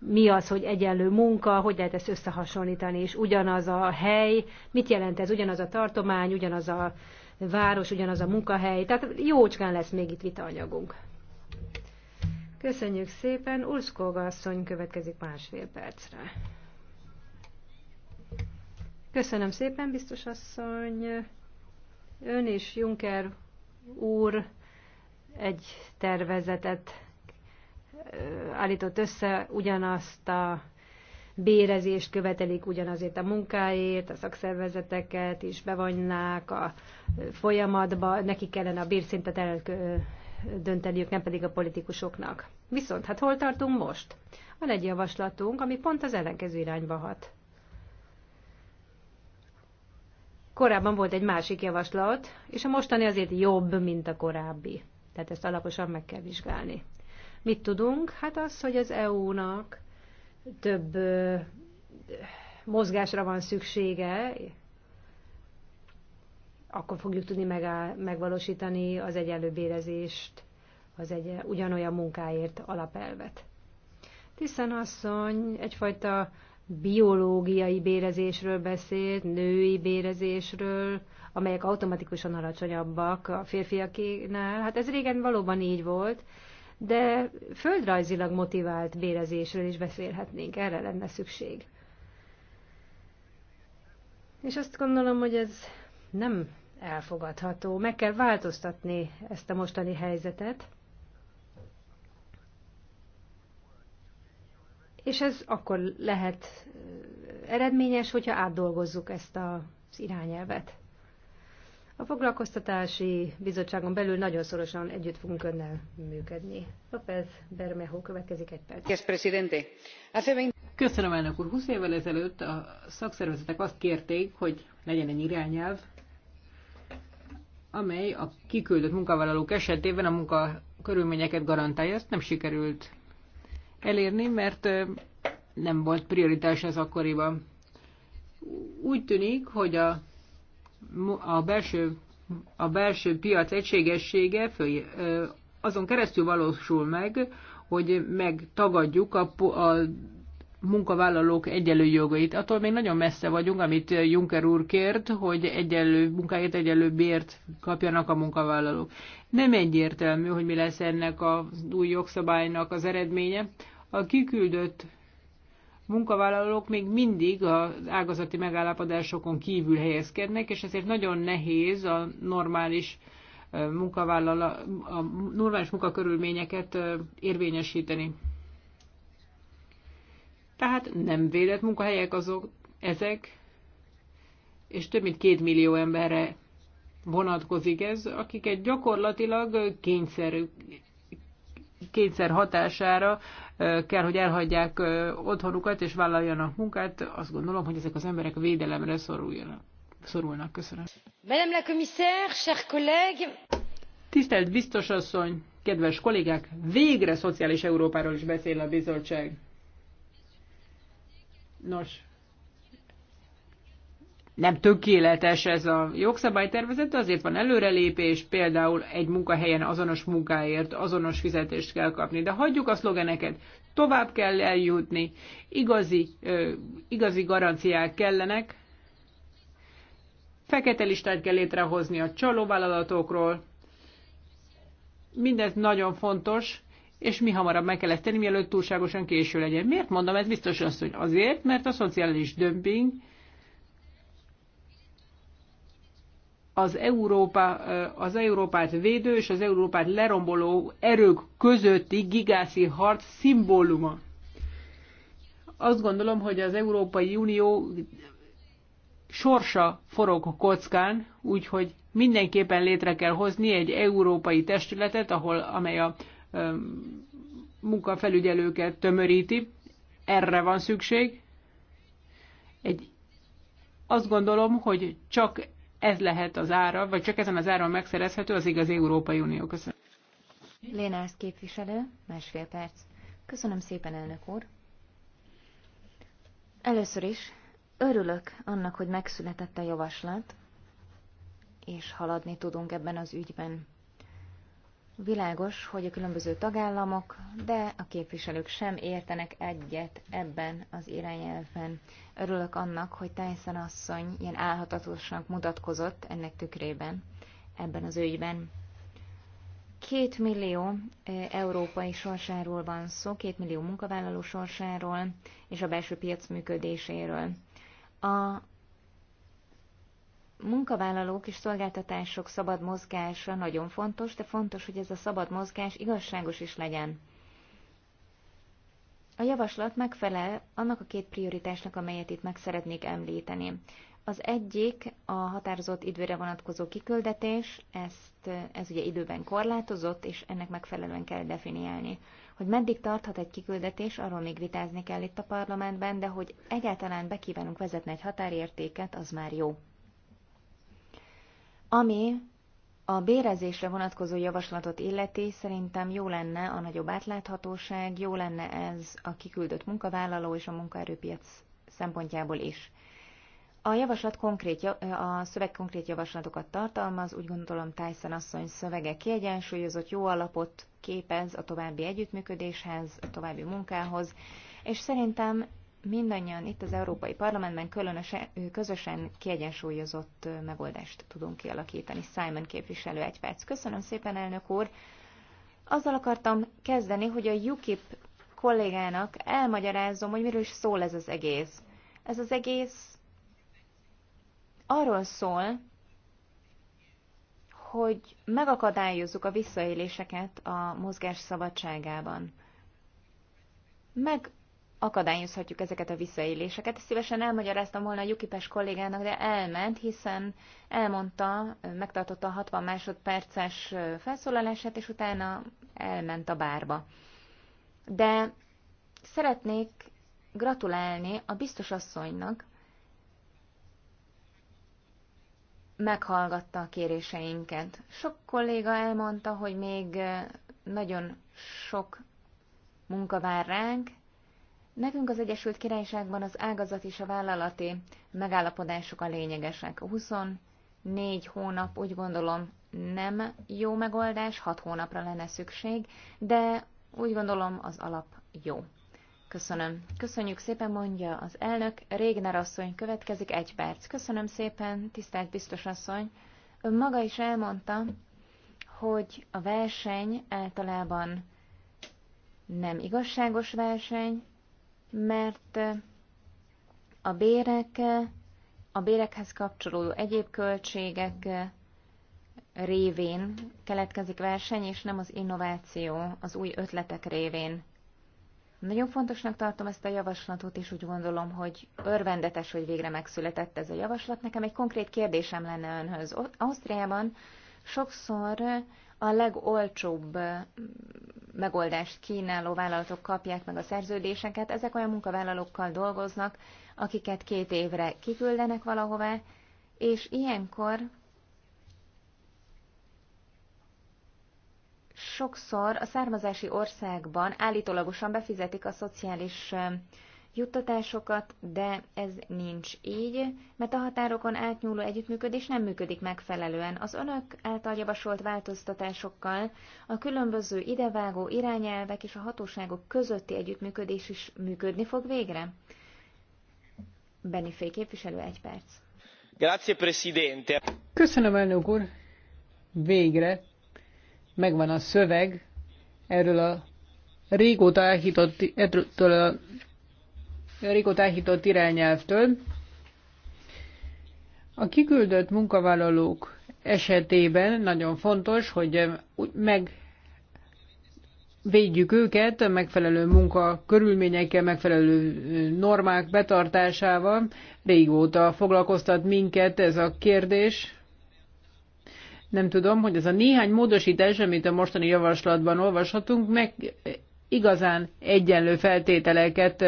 mi az, hogy egyenlő munka, hogy lehet ezt összehasonlítani, és ugyanaz a hely, mit jelent ez, ugyanaz a tartomány, ugyanaz a város, ugyanaz a munkahely. Tehát jócskán lesz még itt vitaanyagunk. Köszönjük szépen. Ulszkolga asszony következik másfél percre. Köszönöm szépen, biztos asszony. Ön és Juncker úr egy tervezetet állított össze, ugyanazt a bérezést követelik ugyanazért a munkáért, a szakszervezeteket is bevonnák a folyamatba, neki kellene a bérszintet eldönteniük, nem pedig a politikusoknak. Viszont hát hol tartunk most? Van egy javaslatunk, ami pont az ellenkező irányba hat. Korábban volt egy másik javaslat, és a mostani azért jobb, mint a korábbi. Tehát ezt alaposan meg kell vizsgálni. Mit tudunk? Hát az, hogy az EU-nak több mozgásra van szüksége, akkor fogjuk tudni megáll, megvalósítani az egyenlő bérezést, az egy ugyanolyan munkáért alapelvet. Tiszen asszony egyfajta biológiai bérezésről beszélt, női bérezésről, amelyek automatikusan alacsonyabbak a férfiakénál. Hát ez régen valóban így volt, de földrajzilag motivált bérezésről is beszélhetnénk, erre lenne szükség. És azt gondolom, hogy ez nem elfogadható. Meg kell változtatni ezt a mostani helyzetet. És ez akkor lehet eredményes, hogyha átdolgozzuk ezt az irányelvet. A foglalkoztatási bizottságon belül nagyon szorosan együtt fogunk önnel működni. López Bermejo következik egy perc. Köszönöm, elnök úr. 20 évvel ezelőtt a szakszervezetek azt kérték, hogy legyen egy irányelv, amely a kiküldött munkavállalók esetében a munkakörülményeket garantálja. Ezt nem sikerült elérni, mert nem volt prioritás ez akkoriban. Úgy tűnik, hogy a a belső, a belső piac egységessége azon keresztül valósul meg, hogy megtagadjuk a, a munkavállalók egyenlő jogait. Attól még nagyon messze vagyunk, amit Juncker úr kért, hogy egyenlő munkáért egyenlő bért kapjanak a munkavállalók. Nem egyértelmű, hogy mi lesz ennek az új jogszabálynak az eredménye. A kiküldött munkavállalók még mindig az ágazati megállapodásokon kívül helyezkednek, és ezért nagyon nehéz a normális a normális munkakörülményeket érvényesíteni. Tehát nem védett munkahelyek azok, ezek, és több mint két millió emberre vonatkozik ez, akiket gyakorlatilag kényszerű, kényszer hatására kell, hogy elhagyják otthonukat és vállaljanak munkát, azt gondolom, hogy ezek az emberek védelemre szoruljanak. szorulnak. Köszönöm. Madame la commissaire, chers collègues. Tisztelt biztos asszony, kedves kollégák, végre szociális Európáról is beszél a bizottság. Nos, nem tökéletes ez a jogszabálytervezet, de azért van előrelépés, például egy munkahelyen azonos munkáért azonos fizetést kell kapni. De hagyjuk a szlogeneket, tovább kell eljutni, igazi, ö, igazi garanciák kellenek, fekete listát kell létrehozni a csalóvállalatokról, mindez nagyon fontos, és mi hamarabb meg kell ezt tenni, mielőtt túlságosan késő legyen. Miért mondom ezt? Biztos azt, hogy azért, mert a szociális dömping az, Európa, az Európát védő és az Európát leromboló erők közötti gigászi harc szimbóluma. Azt gondolom, hogy az Európai Unió sorsa forog a kockán, úgyhogy mindenképpen létre kell hozni egy európai testületet, ahol, amely a munkafelügyelőket tömöríti. Erre van szükség. Egy, azt gondolom, hogy csak ez lehet az ára, vagy csak ezen az áron megszerezhető az igazi Európai Unió. Köszönöm. Ász képviselő, másfél perc. Köszönöm szépen, elnök úr. Először is örülök annak, hogy megszületett a javaslat, és haladni tudunk ebben az ügyben. Világos, hogy a különböző tagállamok, de a képviselők sem értenek egyet ebben az irányelven. Örülök annak, hogy Tyson asszony ilyen álhatatosnak mutatkozott ennek tükrében ebben az ügyben. Két millió eh, európai sorsáról van szó, két millió munkavállaló sorsáról és a belső piac működéséről. A munkavállalók és szolgáltatások szabad mozgása nagyon fontos, de fontos, hogy ez a szabad mozgás igazságos is legyen. A javaslat megfelel annak a két prioritásnak, amelyet itt meg szeretnék említeni. Az egyik a határozott időre vonatkozó kiküldetés, ezt, ez ugye időben korlátozott, és ennek megfelelően kell definiálni. Hogy meddig tarthat egy kiküldetés, arról még vitázni kell itt a parlamentben, de hogy egyáltalán bekívánunk vezetni egy határértéket, az már jó. Ami a bérezésre vonatkozó javaslatot illeti, szerintem jó lenne a nagyobb átláthatóság, jó lenne ez a kiküldött munkavállaló és a munkaerőpiac szempontjából is. A javaslat konkrét, a szöveg konkrét javaslatokat tartalmaz, úgy gondolom Tyson asszony szövege kiegyensúlyozott, jó alapot képez a további együttműködéshez, a további munkához, és szerintem mindannyian itt az Európai Parlamentben különösen, közösen kiegyensúlyozott megoldást tudunk kialakítani. Simon képviselő, egy perc. Köszönöm szépen, elnök úr. Azzal akartam kezdeni, hogy a UKIP kollégának elmagyarázom, hogy miről is szól ez az egész. Ez az egész arról szól, hogy megakadályozzuk a visszaéléseket a mozgás szabadságában. Meg akadályozhatjuk ezeket a visszaéléseket. Szívesen elmagyaráztam volna a Jukipes kollégának, de elment, hiszen elmondta, megtartotta a 60 másodperces felszólalását, és utána elment a bárba. De szeretnék gratulálni a biztos asszonynak, meghallgatta a kéréseinket. Sok kolléga elmondta, hogy még nagyon sok munka vár ránk, Nekünk az Egyesült Királyságban az ágazat és a vállalati megállapodások a lényegesek. 24 hónap úgy gondolom nem jó megoldás, 6 hónapra lenne szükség, de úgy gondolom az alap jó. Köszönöm. Köszönjük szépen, mondja az elnök. Régner asszony következik egy perc. Köszönöm szépen, tisztelt biztos asszony. Ön maga is elmondta, hogy a verseny általában nem igazságos verseny, mert a bérek, a bérekhez kapcsolódó egyéb költségek révén keletkezik verseny, és nem az innováció, az új ötletek révén. Nagyon fontosnak tartom ezt a javaslatot, és úgy gondolom, hogy örvendetes, hogy végre megszületett ez a javaslat. Nekem egy konkrét kérdésem lenne önhöz. Ausztriában sokszor a legolcsóbb mm, megoldást kínáló vállalatok kapják meg a szerződéseket. Ezek olyan munkavállalókkal dolgoznak, akiket két évre kiküldenek valahová, és ilyenkor sokszor a származási országban állítólagosan befizetik a szociális mm, juttatásokat, de ez nincs így, mert a határokon átnyúló együttműködés nem működik megfelelően. Az önök által javasolt változtatásokkal a különböző idevágó irányelvek és a hatóságok közötti együttműködés is működni fog végre? Fé képviselő, egy perc. Grazie, Presidente. Köszönöm, elnök úr. Végre megvan a szöveg erről a régóta elhitott, erről a Rikó elhitott irányelvtől. A kiküldött munkavállalók esetében nagyon fontos, hogy meg védjük őket megfelelő munka körülményekkel, megfelelő normák betartásával. Régóta foglalkoztat minket ez a kérdés. Nem tudom, hogy ez a néhány módosítás, amit a mostani javaslatban olvashatunk, meg igazán egyenlő feltételeket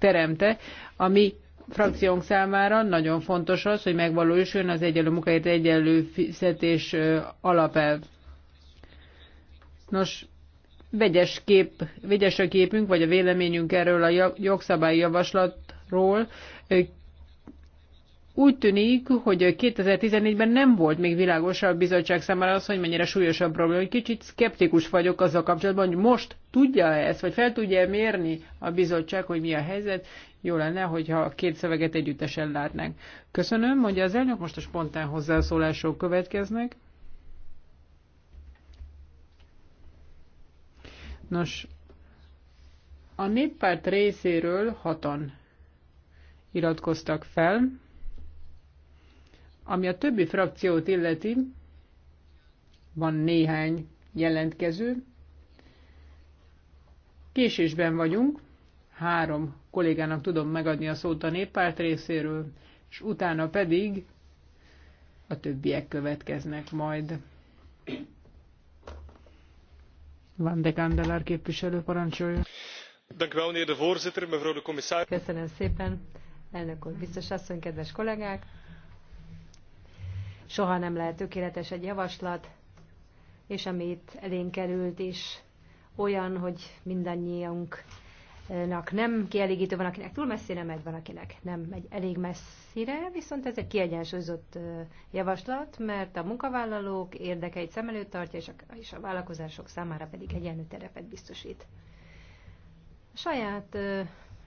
teremte. ami frakciónk számára nagyon fontos az, hogy megvalósuljon az egyenlő munkáért egyenlő fizetés alapelv. Nos, vegyes, kép, vegyes a képünk, vagy a véleményünk erről a jogszabályi javaslatról úgy tűnik, hogy 2014-ben nem volt még világos a bizottság számára az, hogy mennyire súlyos a probléma. Kicsit szkeptikus vagyok azzal kapcsolatban, hogy most tudja -e ezt, vagy fel tudja -e mérni a bizottság, hogy mi a helyzet. Jó lenne, hogyha a két szöveget együttesen látnánk. Köszönöm, hogy az elnök most a spontán hozzászólások következnek. Nos, a néppárt részéről hatan iratkoztak fel. Ami a többi frakciót illeti, van néhány jelentkező. Késésben vagyunk, három kollégának tudom megadni a szót a néppárt részéről, és utána pedig a többiek következnek majd. Van de Kandelár képviselő parancsolja. Köszönöm szépen, elnök úr, biztos asszony, kedves kollégák! soha nem lehet tökéletes egy javaslat, és amit elénk került is olyan, hogy mindannyiunknak nem kielégítő, van akinek túl messzire megy, van akinek nem megy elég messzire, viszont ez egy kiegyensúlyozott javaslat, mert a munkavállalók érdekeit szem előtt tartja, és a, és a vállalkozások számára pedig egyenlő terepet biztosít. A saját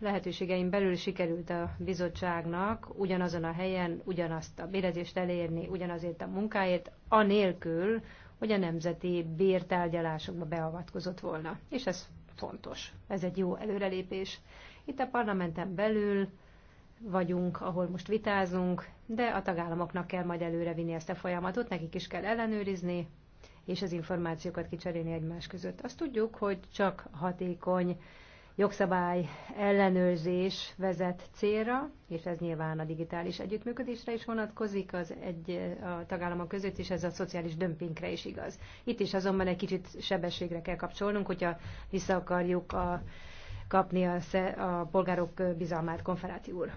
lehetőségeim belül sikerült a bizottságnak ugyanazon a helyen ugyanazt a bérezést elérni, ugyanazért a munkáért, anélkül, hogy a nemzeti bértárgyalásokba beavatkozott volna. És ez fontos. Ez egy jó előrelépés. Itt a parlamenten belül vagyunk, ahol most vitázunk, de a tagállamoknak kell majd előrevinni ezt a folyamatot, nekik is kell ellenőrizni, és az információkat kicserélni egymás között. Azt tudjuk, hogy csak hatékony jogszabály ellenőrzés vezet célra, és ez nyilván a digitális együttműködésre is vonatkozik, az egy a tagállamok között is ez a szociális dömpingre is igaz. Itt is azonban egy kicsit sebességre kell kapcsolnunk, hogyha vissza akarjuk a, kapni a, a polgárok bizalmát, konferáti úr.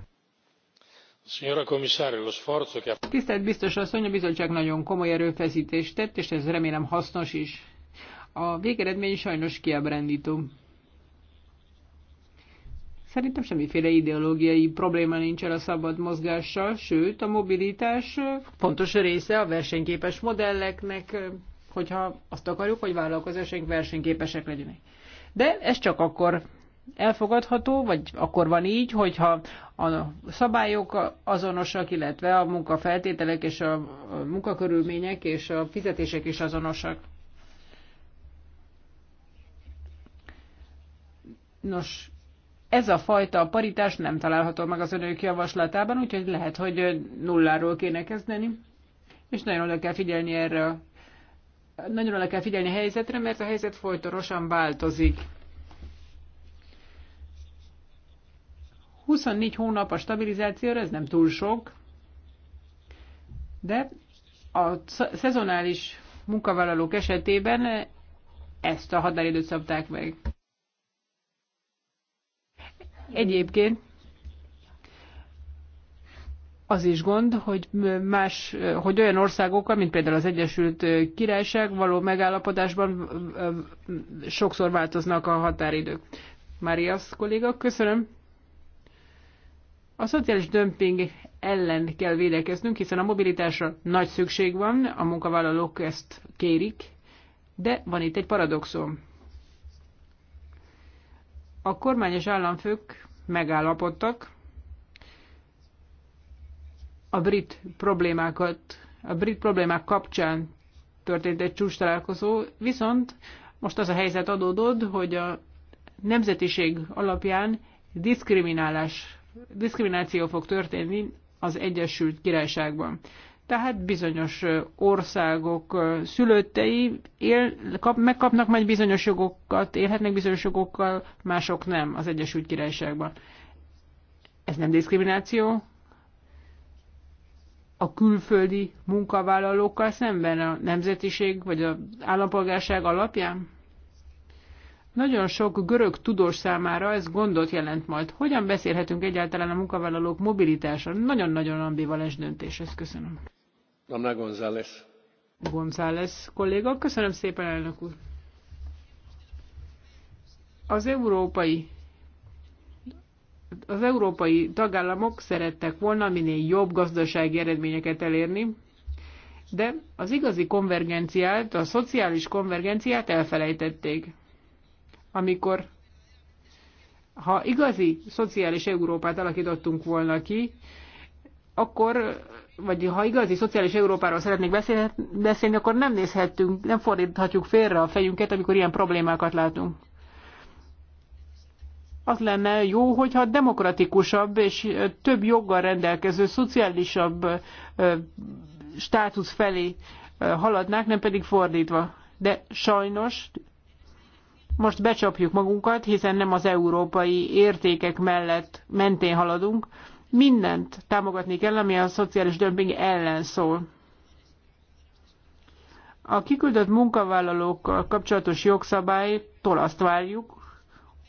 Tisztelt biztos asszony, a bizottság nagyon komoly erőfeszítést tett, és ez remélem hasznos is. A végeredmény sajnos kiábrándító. Szerintem semmiféle ideológiai probléma nincsen a szabad mozgással, sőt a mobilitás fontos része a versenyképes modelleknek, hogyha azt akarjuk, hogy vállalkozásaink versenyképesek legyenek. De ez csak akkor elfogadható, vagy akkor van így, hogyha a szabályok azonosak, illetve a munkafeltételek és a munkakörülmények és a fizetések is azonosak. Nos, ez a fajta paritás nem található meg az önök javaslatában, úgyhogy lehet, hogy nulláról kéne kezdeni, és nagyon oda kell figyelni erre. Nagyon oda kell figyelni a helyzetre, mert a helyzet folytorosan változik. 24 hónap a stabilizációra, ez nem túl sok, de a szezonális munkavállalók esetében ezt a határidőt szabták meg. Egyébként az is gond, hogy, más, hogy olyan országokkal, mint például az Egyesült Királyság való megállapodásban sokszor változnak a határidők. Marias kolléga, köszönöm. A szociális dömping ellen kell védekeznünk, hiszen a mobilitásra nagy szükség van, a munkavállalók ezt kérik, de van itt egy paradoxon a kormány és államfők megállapodtak a brit problémákat, a brit problémák kapcsán történt egy csúcs találkozó, viszont most az a helyzet adódott, hogy a nemzetiség alapján diszkriminálás, diszkrimináció fog történni az Egyesült Királyságban tehát bizonyos országok szülöttei él, kap, megkapnak majd bizonyos jogokat, élhetnek bizonyos jogokkal, mások nem az Egyesült Királyságban. Ez nem diszkrimináció? A külföldi munkavállalókkal szemben a nemzetiség vagy az állampolgárság alapján? Nagyon sok görög tudós számára ez gondot jelent majd. Hogyan beszélhetünk egyáltalán a munkavállalók mobilitásra? Nagyon-nagyon ambivalens döntés, ezt köszönöm. Doamna González. González kolléga, köszönöm szépen, elnök úr. Az európai az európai tagállamok szerettek volna minél jobb gazdasági eredményeket elérni, de az igazi konvergenciát, a szociális konvergenciát elfelejtették. Amikor, ha igazi szociális Európát alakítottunk volna ki, akkor, vagy ha igazi szociális Európáról szeretnék beszélni, beszélni, akkor nem nézhetünk, nem fordíthatjuk félre a fejünket, amikor ilyen problémákat látunk. Az lenne jó, hogyha demokratikusabb és több joggal rendelkező, szociálisabb státusz felé haladnák, nem pedig fordítva. De sajnos most becsapjuk magunkat, hiszen nem az európai értékek mellett mentén haladunk, mindent támogatni kell, ami a szociális dömping ellen szól. A kiküldött munkavállalókkal kapcsolatos jogszabály azt várjuk,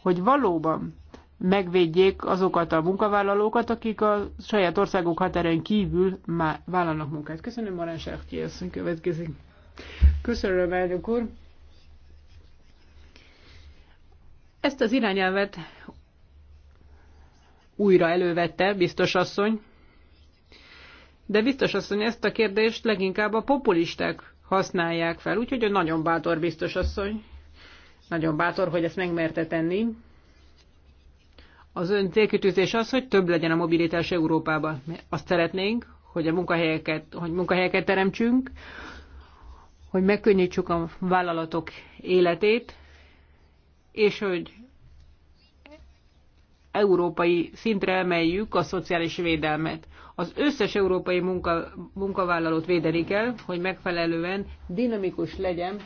hogy valóban megvédjék azokat a munkavállalókat, akik a saját országuk határain kívül már vállalnak munkát. Köszönöm, Marán Sárki, következik. Köszönöm, elnök úr. Ezt az irányelvet újra elővette, biztos asszony. De biztos asszony, ezt a kérdést leginkább a populisták használják fel, úgyhogy ő nagyon bátor biztos asszony. Nagyon bátor, hogy ezt megmerte tenni. Az ön célkütőzés az, hogy több legyen a mobilitás Európában. Azt szeretnénk, hogy a munkahelyeket, hogy munkahelyeket teremtsünk, hogy megkönnyítsük a vállalatok életét, és hogy európai szintre emeljük a szociális védelmet. Az összes európai munka, munkavállalót védeni kell, hogy megfelelően dinamikus legyen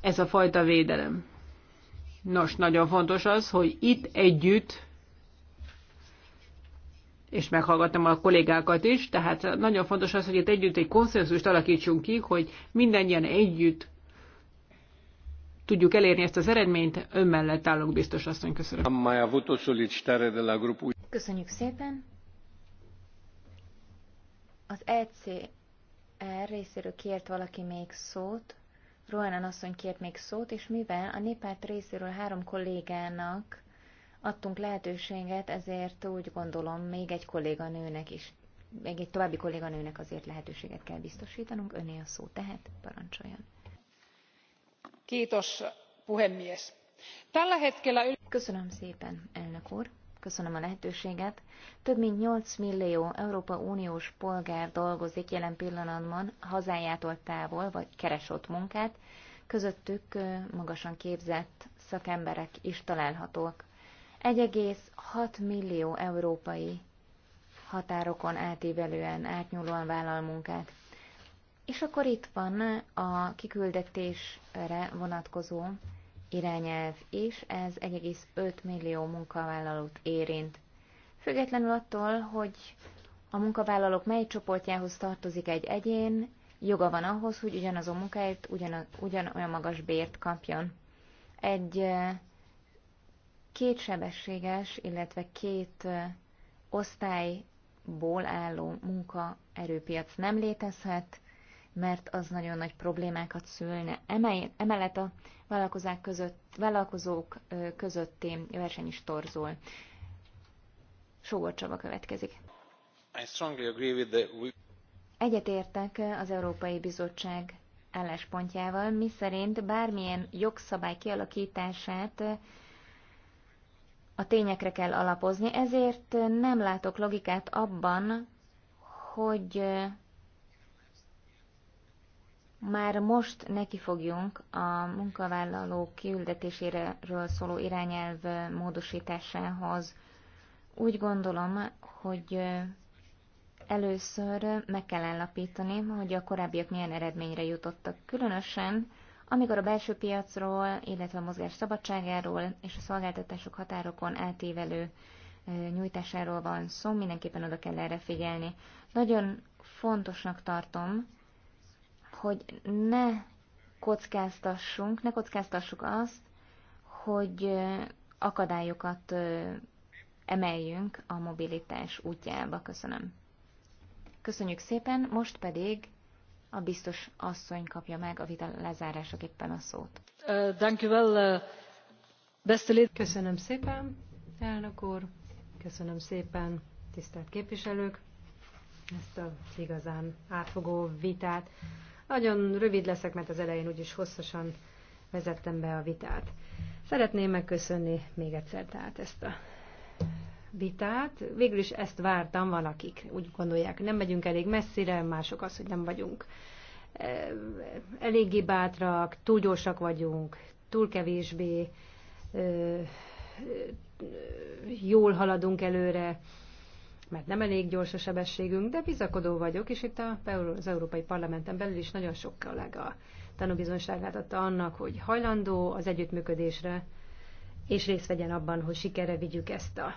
ez a fajta védelem. Nos, nagyon fontos az, hogy itt együtt, és meghallgattam a kollégákat is, tehát nagyon fontos az, hogy itt együtt egy konszenzust alakítsunk ki, hogy mindannyian együtt tudjuk elérni ezt az eredményt. Ön mellett állok, biztos asszony, köszönöm. Köszönjük szépen. Az ECR részéről kért valaki még szót, Rohanan asszony kért még szót, és mivel a népárt részéről három kollégának adtunk lehetőséget, ezért úgy gondolom még egy kolléganőnek is, még egy további kolléganőnek azért lehetőséget kell biztosítanunk, öné a szó tehát, parancsoljon. Tällä hetkellä... Köszönöm szépen, elnök úr. Köszönöm a lehetőséget. Több mint 8 millió Európa Uniós polgár dolgozik jelen pillanatban hazájától távol, vagy keres ott munkát, közöttük magasan képzett szakemberek is találhatók. 1,6 millió európai határokon átívelően átnyúlóan vállal munkát. És akkor itt van a kiküldetésre vonatkozó irányelv is, ez 1,5 millió munkavállalót érint. Függetlenül attól, hogy a munkavállalók mely csoportjához tartozik egy egyén, joga van ahhoz, hogy ugyanazon munkáért ugyan, ugyanolyan magas bért kapjon. Egy kétsebességes, illetve két osztályból álló munkaerőpiac nem létezhet, mert az nagyon nagy problémákat szülne. Emellett a vállalkozók között, vállalkozók közötti verseny is torzul. Sógor Csaba következik. I strongly agree with the... Egyetértek az Európai Bizottság álláspontjával, szerint bármilyen jogszabály kialakítását a tényekre kell alapozni, ezért nem látok logikát abban, hogy már most nekifogjunk a munkavállalók kiüldetéséről szóló irányelv módosításához. Úgy gondolom, hogy először meg kell állapítani, hogy a korábbiak milyen eredményre jutottak. Különösen, amikor a belső piacról, illetve a mozgás szabadságáról és a szolgáltatások határokon átívelő nyújtásáról van szó, mindenképpen oda kell erre figyelni. Nagyon fontosnak tartom, hogy ne kockáztassunk, ne kockáztassuk azt, hogy akadályokat emeljünk a mobilitás útjába. Köszönöm. Köszönjük szépen, most pedig a biztos asszony kapja meg a vita lezárásaképpen a szót. Köszönöm szépen, elnök úr, köszönöm szépen, tisztelt képviselők, ezt az igazán átfogó vitát. Nagyon rövid leszek, mert az elején úgyis hosszasan vezettem be a vitát. Szeretném megköszönni még egyszer tehát ezt a vitát. Végül is ezt vártam valakik. Úgy gondolják, nem megyünk elég messzire, mások az, hogy nem vagyunk eh, eléggé bátrak, túl gyorsak vagyunk, túl kevésbé eh, jól haladunk előre mert nem elég gyors a sebességünk, de bizakodó vagyok, és itt a az Európai Parlamenten belül is nagyon sok kollega tanúbizonságát adta annak, hogy hajlandó az együttműködésre, és részt vegyen abban, hogy sikere vigyük ezt a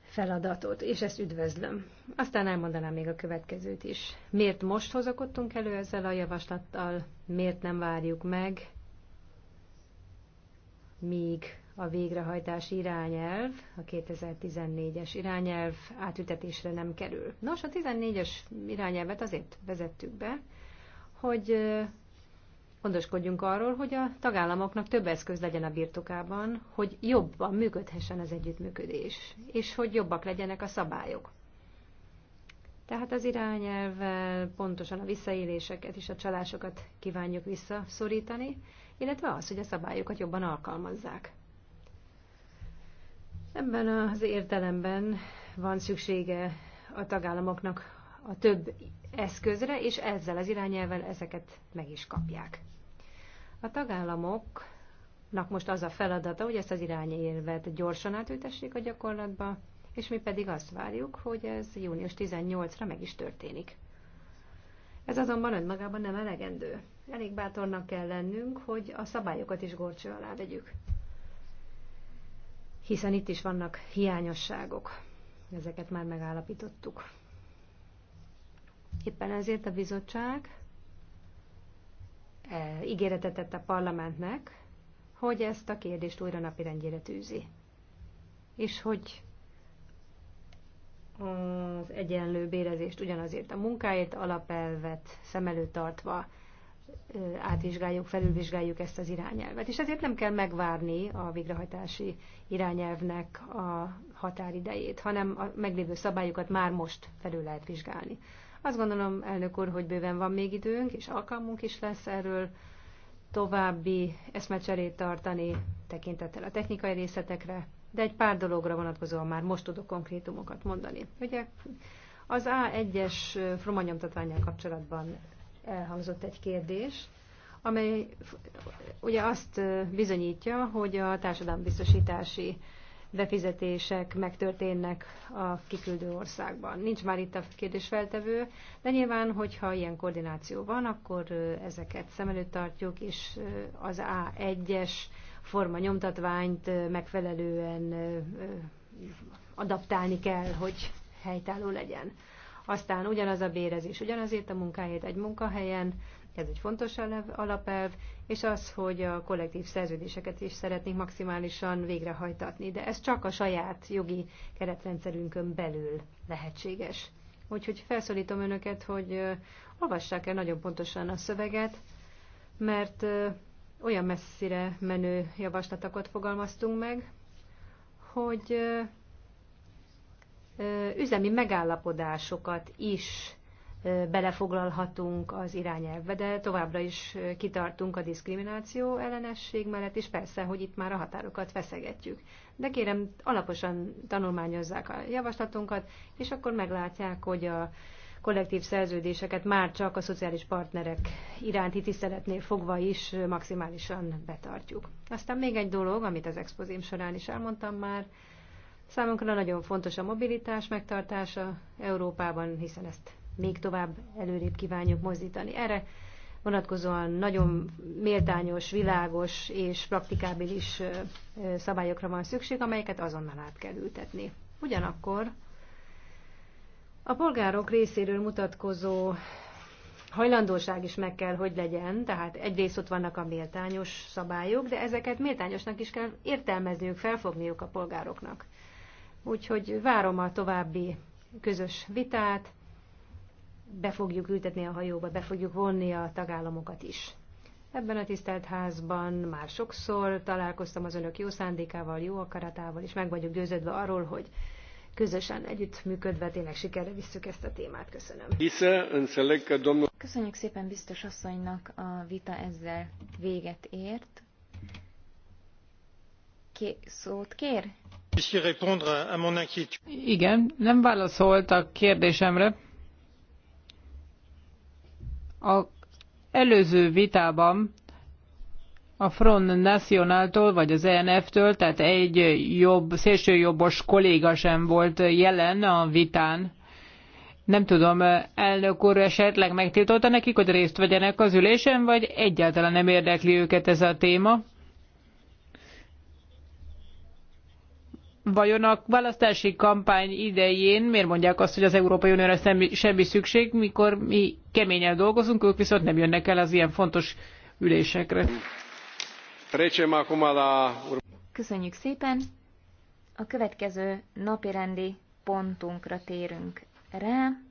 feladatot, és ezt üdvözlöm. Aztán elmondanám még a következőt is. Miért most hozakodtunk elő ezzel a javaslattal, miért nem várjuk meg, míg a végrehajtási irányelv, a 2014-es irányelv átütetésre nem kerül. Nos, a 14-es irányelvet azért vezettük be, hogy gondoskodjunk arról, hogy a tagállamoknak több eszköz legyen a birtokában, hogy jobban működhessen az együttműködés, és hogy jobbak legyenek a szabályok. Tehát az irányelvvel pontosan a visszaéléseket és a csalásokat kívánjuk visszaszorítani, illetve az, hogy a szabályokat jobban alkalmazzák. Ebben az értelemben van szüksége a tagállamoknak a több eszközre, és ezzel az irányelvel ezeket meg is kapják. A tagállamoknak most az a feladata, hogy ezt az irányelvet gyorsan átültessék a gyakorlatba, és mi pedig azt várjuk, hogy ez június 18-ra meg is történik. Ez azonban önmagában nem elegendő. Elég bátornak kell lennünk, hogy a szabályokat is gorcső alá vegyük hiszen itt is vannak hiányosságok. Ezeket már megállapítottuk. Éppen ezért a bizottság eh, ígéretet tett a parlamentnek, hogy ezt a kérdést újra napirendjére tűzi. És hogy az egyenlő bérezést ugyanazért a munkáért alapelvet szem előtt tartva átvizsgáljuk, felülvizsgáljuk ezt az irányelvet. És ezért nem kell megvárni a végrehajtási irányelvnek a határidejét, hanem a meglévő szabályokat már most felül lehet vizsgálni. Azt gondolom, elnök úr, hogy bőven van még időnk, és alkalmunk is lesz erről további eszmecserét tartani tekintettel a technikai részletekre, de egy pár dologra vonatkozóan már most tudok konkrétumokat mondani. Ugye az A1-es fromanyomtatványjal kapcsolatban elhangzott egy kérdés, amely ugye azt bizonyítja, hogy a társadalombiztosítási befizetések megtörténnek a kiküldő országban. Nincs már itt a kérdésfeltevő, de nyilván, hogyha ilyen koordináció van, akkor ezeket szem előtt tartjuk, és az A1-es forma nyomtatványt megfelelően adaptálni kell, hogy helytálló legyen. Aztán ugyanaz a bérezés, ugyanazért a munkáért egy munkahelyen, ez egy fontos alapelv, és az, hogy a kollektív szerződéseket is szeretnénk maximálisan végrehajtatni, de ez csak a saját jogi keretrendszerünkön belül lehetséges. Úgyhogy felszólítom önöket, hogy olvassák el nagyon pontosan a szöveget, mert olyan messzire menő javaslatokat fogalmaztunk meg, hogy üzemi megállapodásokat is belefoglalhatunk az irányelvbe, de továbbra is kitartunk a diszkrimináció ellenesség mellett, és persze, hogy itt már a határokat feszegetjük. De kérem, alaposan tanulmányozzák a javaslatunkat, és akkor meglátják, hogy a kollektív szerződéseket már csak a szociális partnerek iránti tiszteletnél fogva is maximálisan betartjuk. Aztán még egy dolog, amit az expozém során is elmondtam már, Számunkra nagyon fontos a mobilitás megtartása Európában, hiszen ezt még tovább előrébb kívánjuk mozdítani. Erre vonatkozóan nagyon méltányos, világos és praktikábilis szabályokra van szükség, amelyeket azonnal át kell ültetni. Ugyanakkor a polgárok részéről mutatkozó hajlandóság is meg kell, hogy legyen, tehát egyrészt ott vannak a méltányos szabályok, de ezeket méltányosnak is kell értelmezniük, felfogniuk a polgároknak. Úgyhogy várom a további közös vitát, be fogjuk ültetni a hajóba, be fogjuk vonni a tagállamokat is. Ebben a tisztelt házban már sokszor találkoztam az önök jó szándékával, jó akaratával, és meg vagyok győződve arról, hogy közösen együtt működve tényleg sikerre visszük ezt a témát. Köszönöm. Köszönjük szépen biztos asszonynak, a vita ezzel véget ért. Ké- szót kér? Igen, nem válaszolt a kérdésemre. A előző vitában a Front National-tól vagy az ENF-től, tehát egy jobb, szélsőjobbos kolléga sem volt jelen a vitán. Nem tudom, elnök úr esetleg megtiltotta nekik, hogy részt vegyenek az ülésen, vagy egyáltalán nem érdekli őket ez a téma. Vajon a választási kampány idején miért mondják azt, hogy az Európai Unióra semmi, semmi szükség, mikor mi keményen dolgozunk, ők viszont nem jönnek el az ilyen fontos ülésekre? Köszönjük szépen! A következő napirendi pontunkra térünk rá.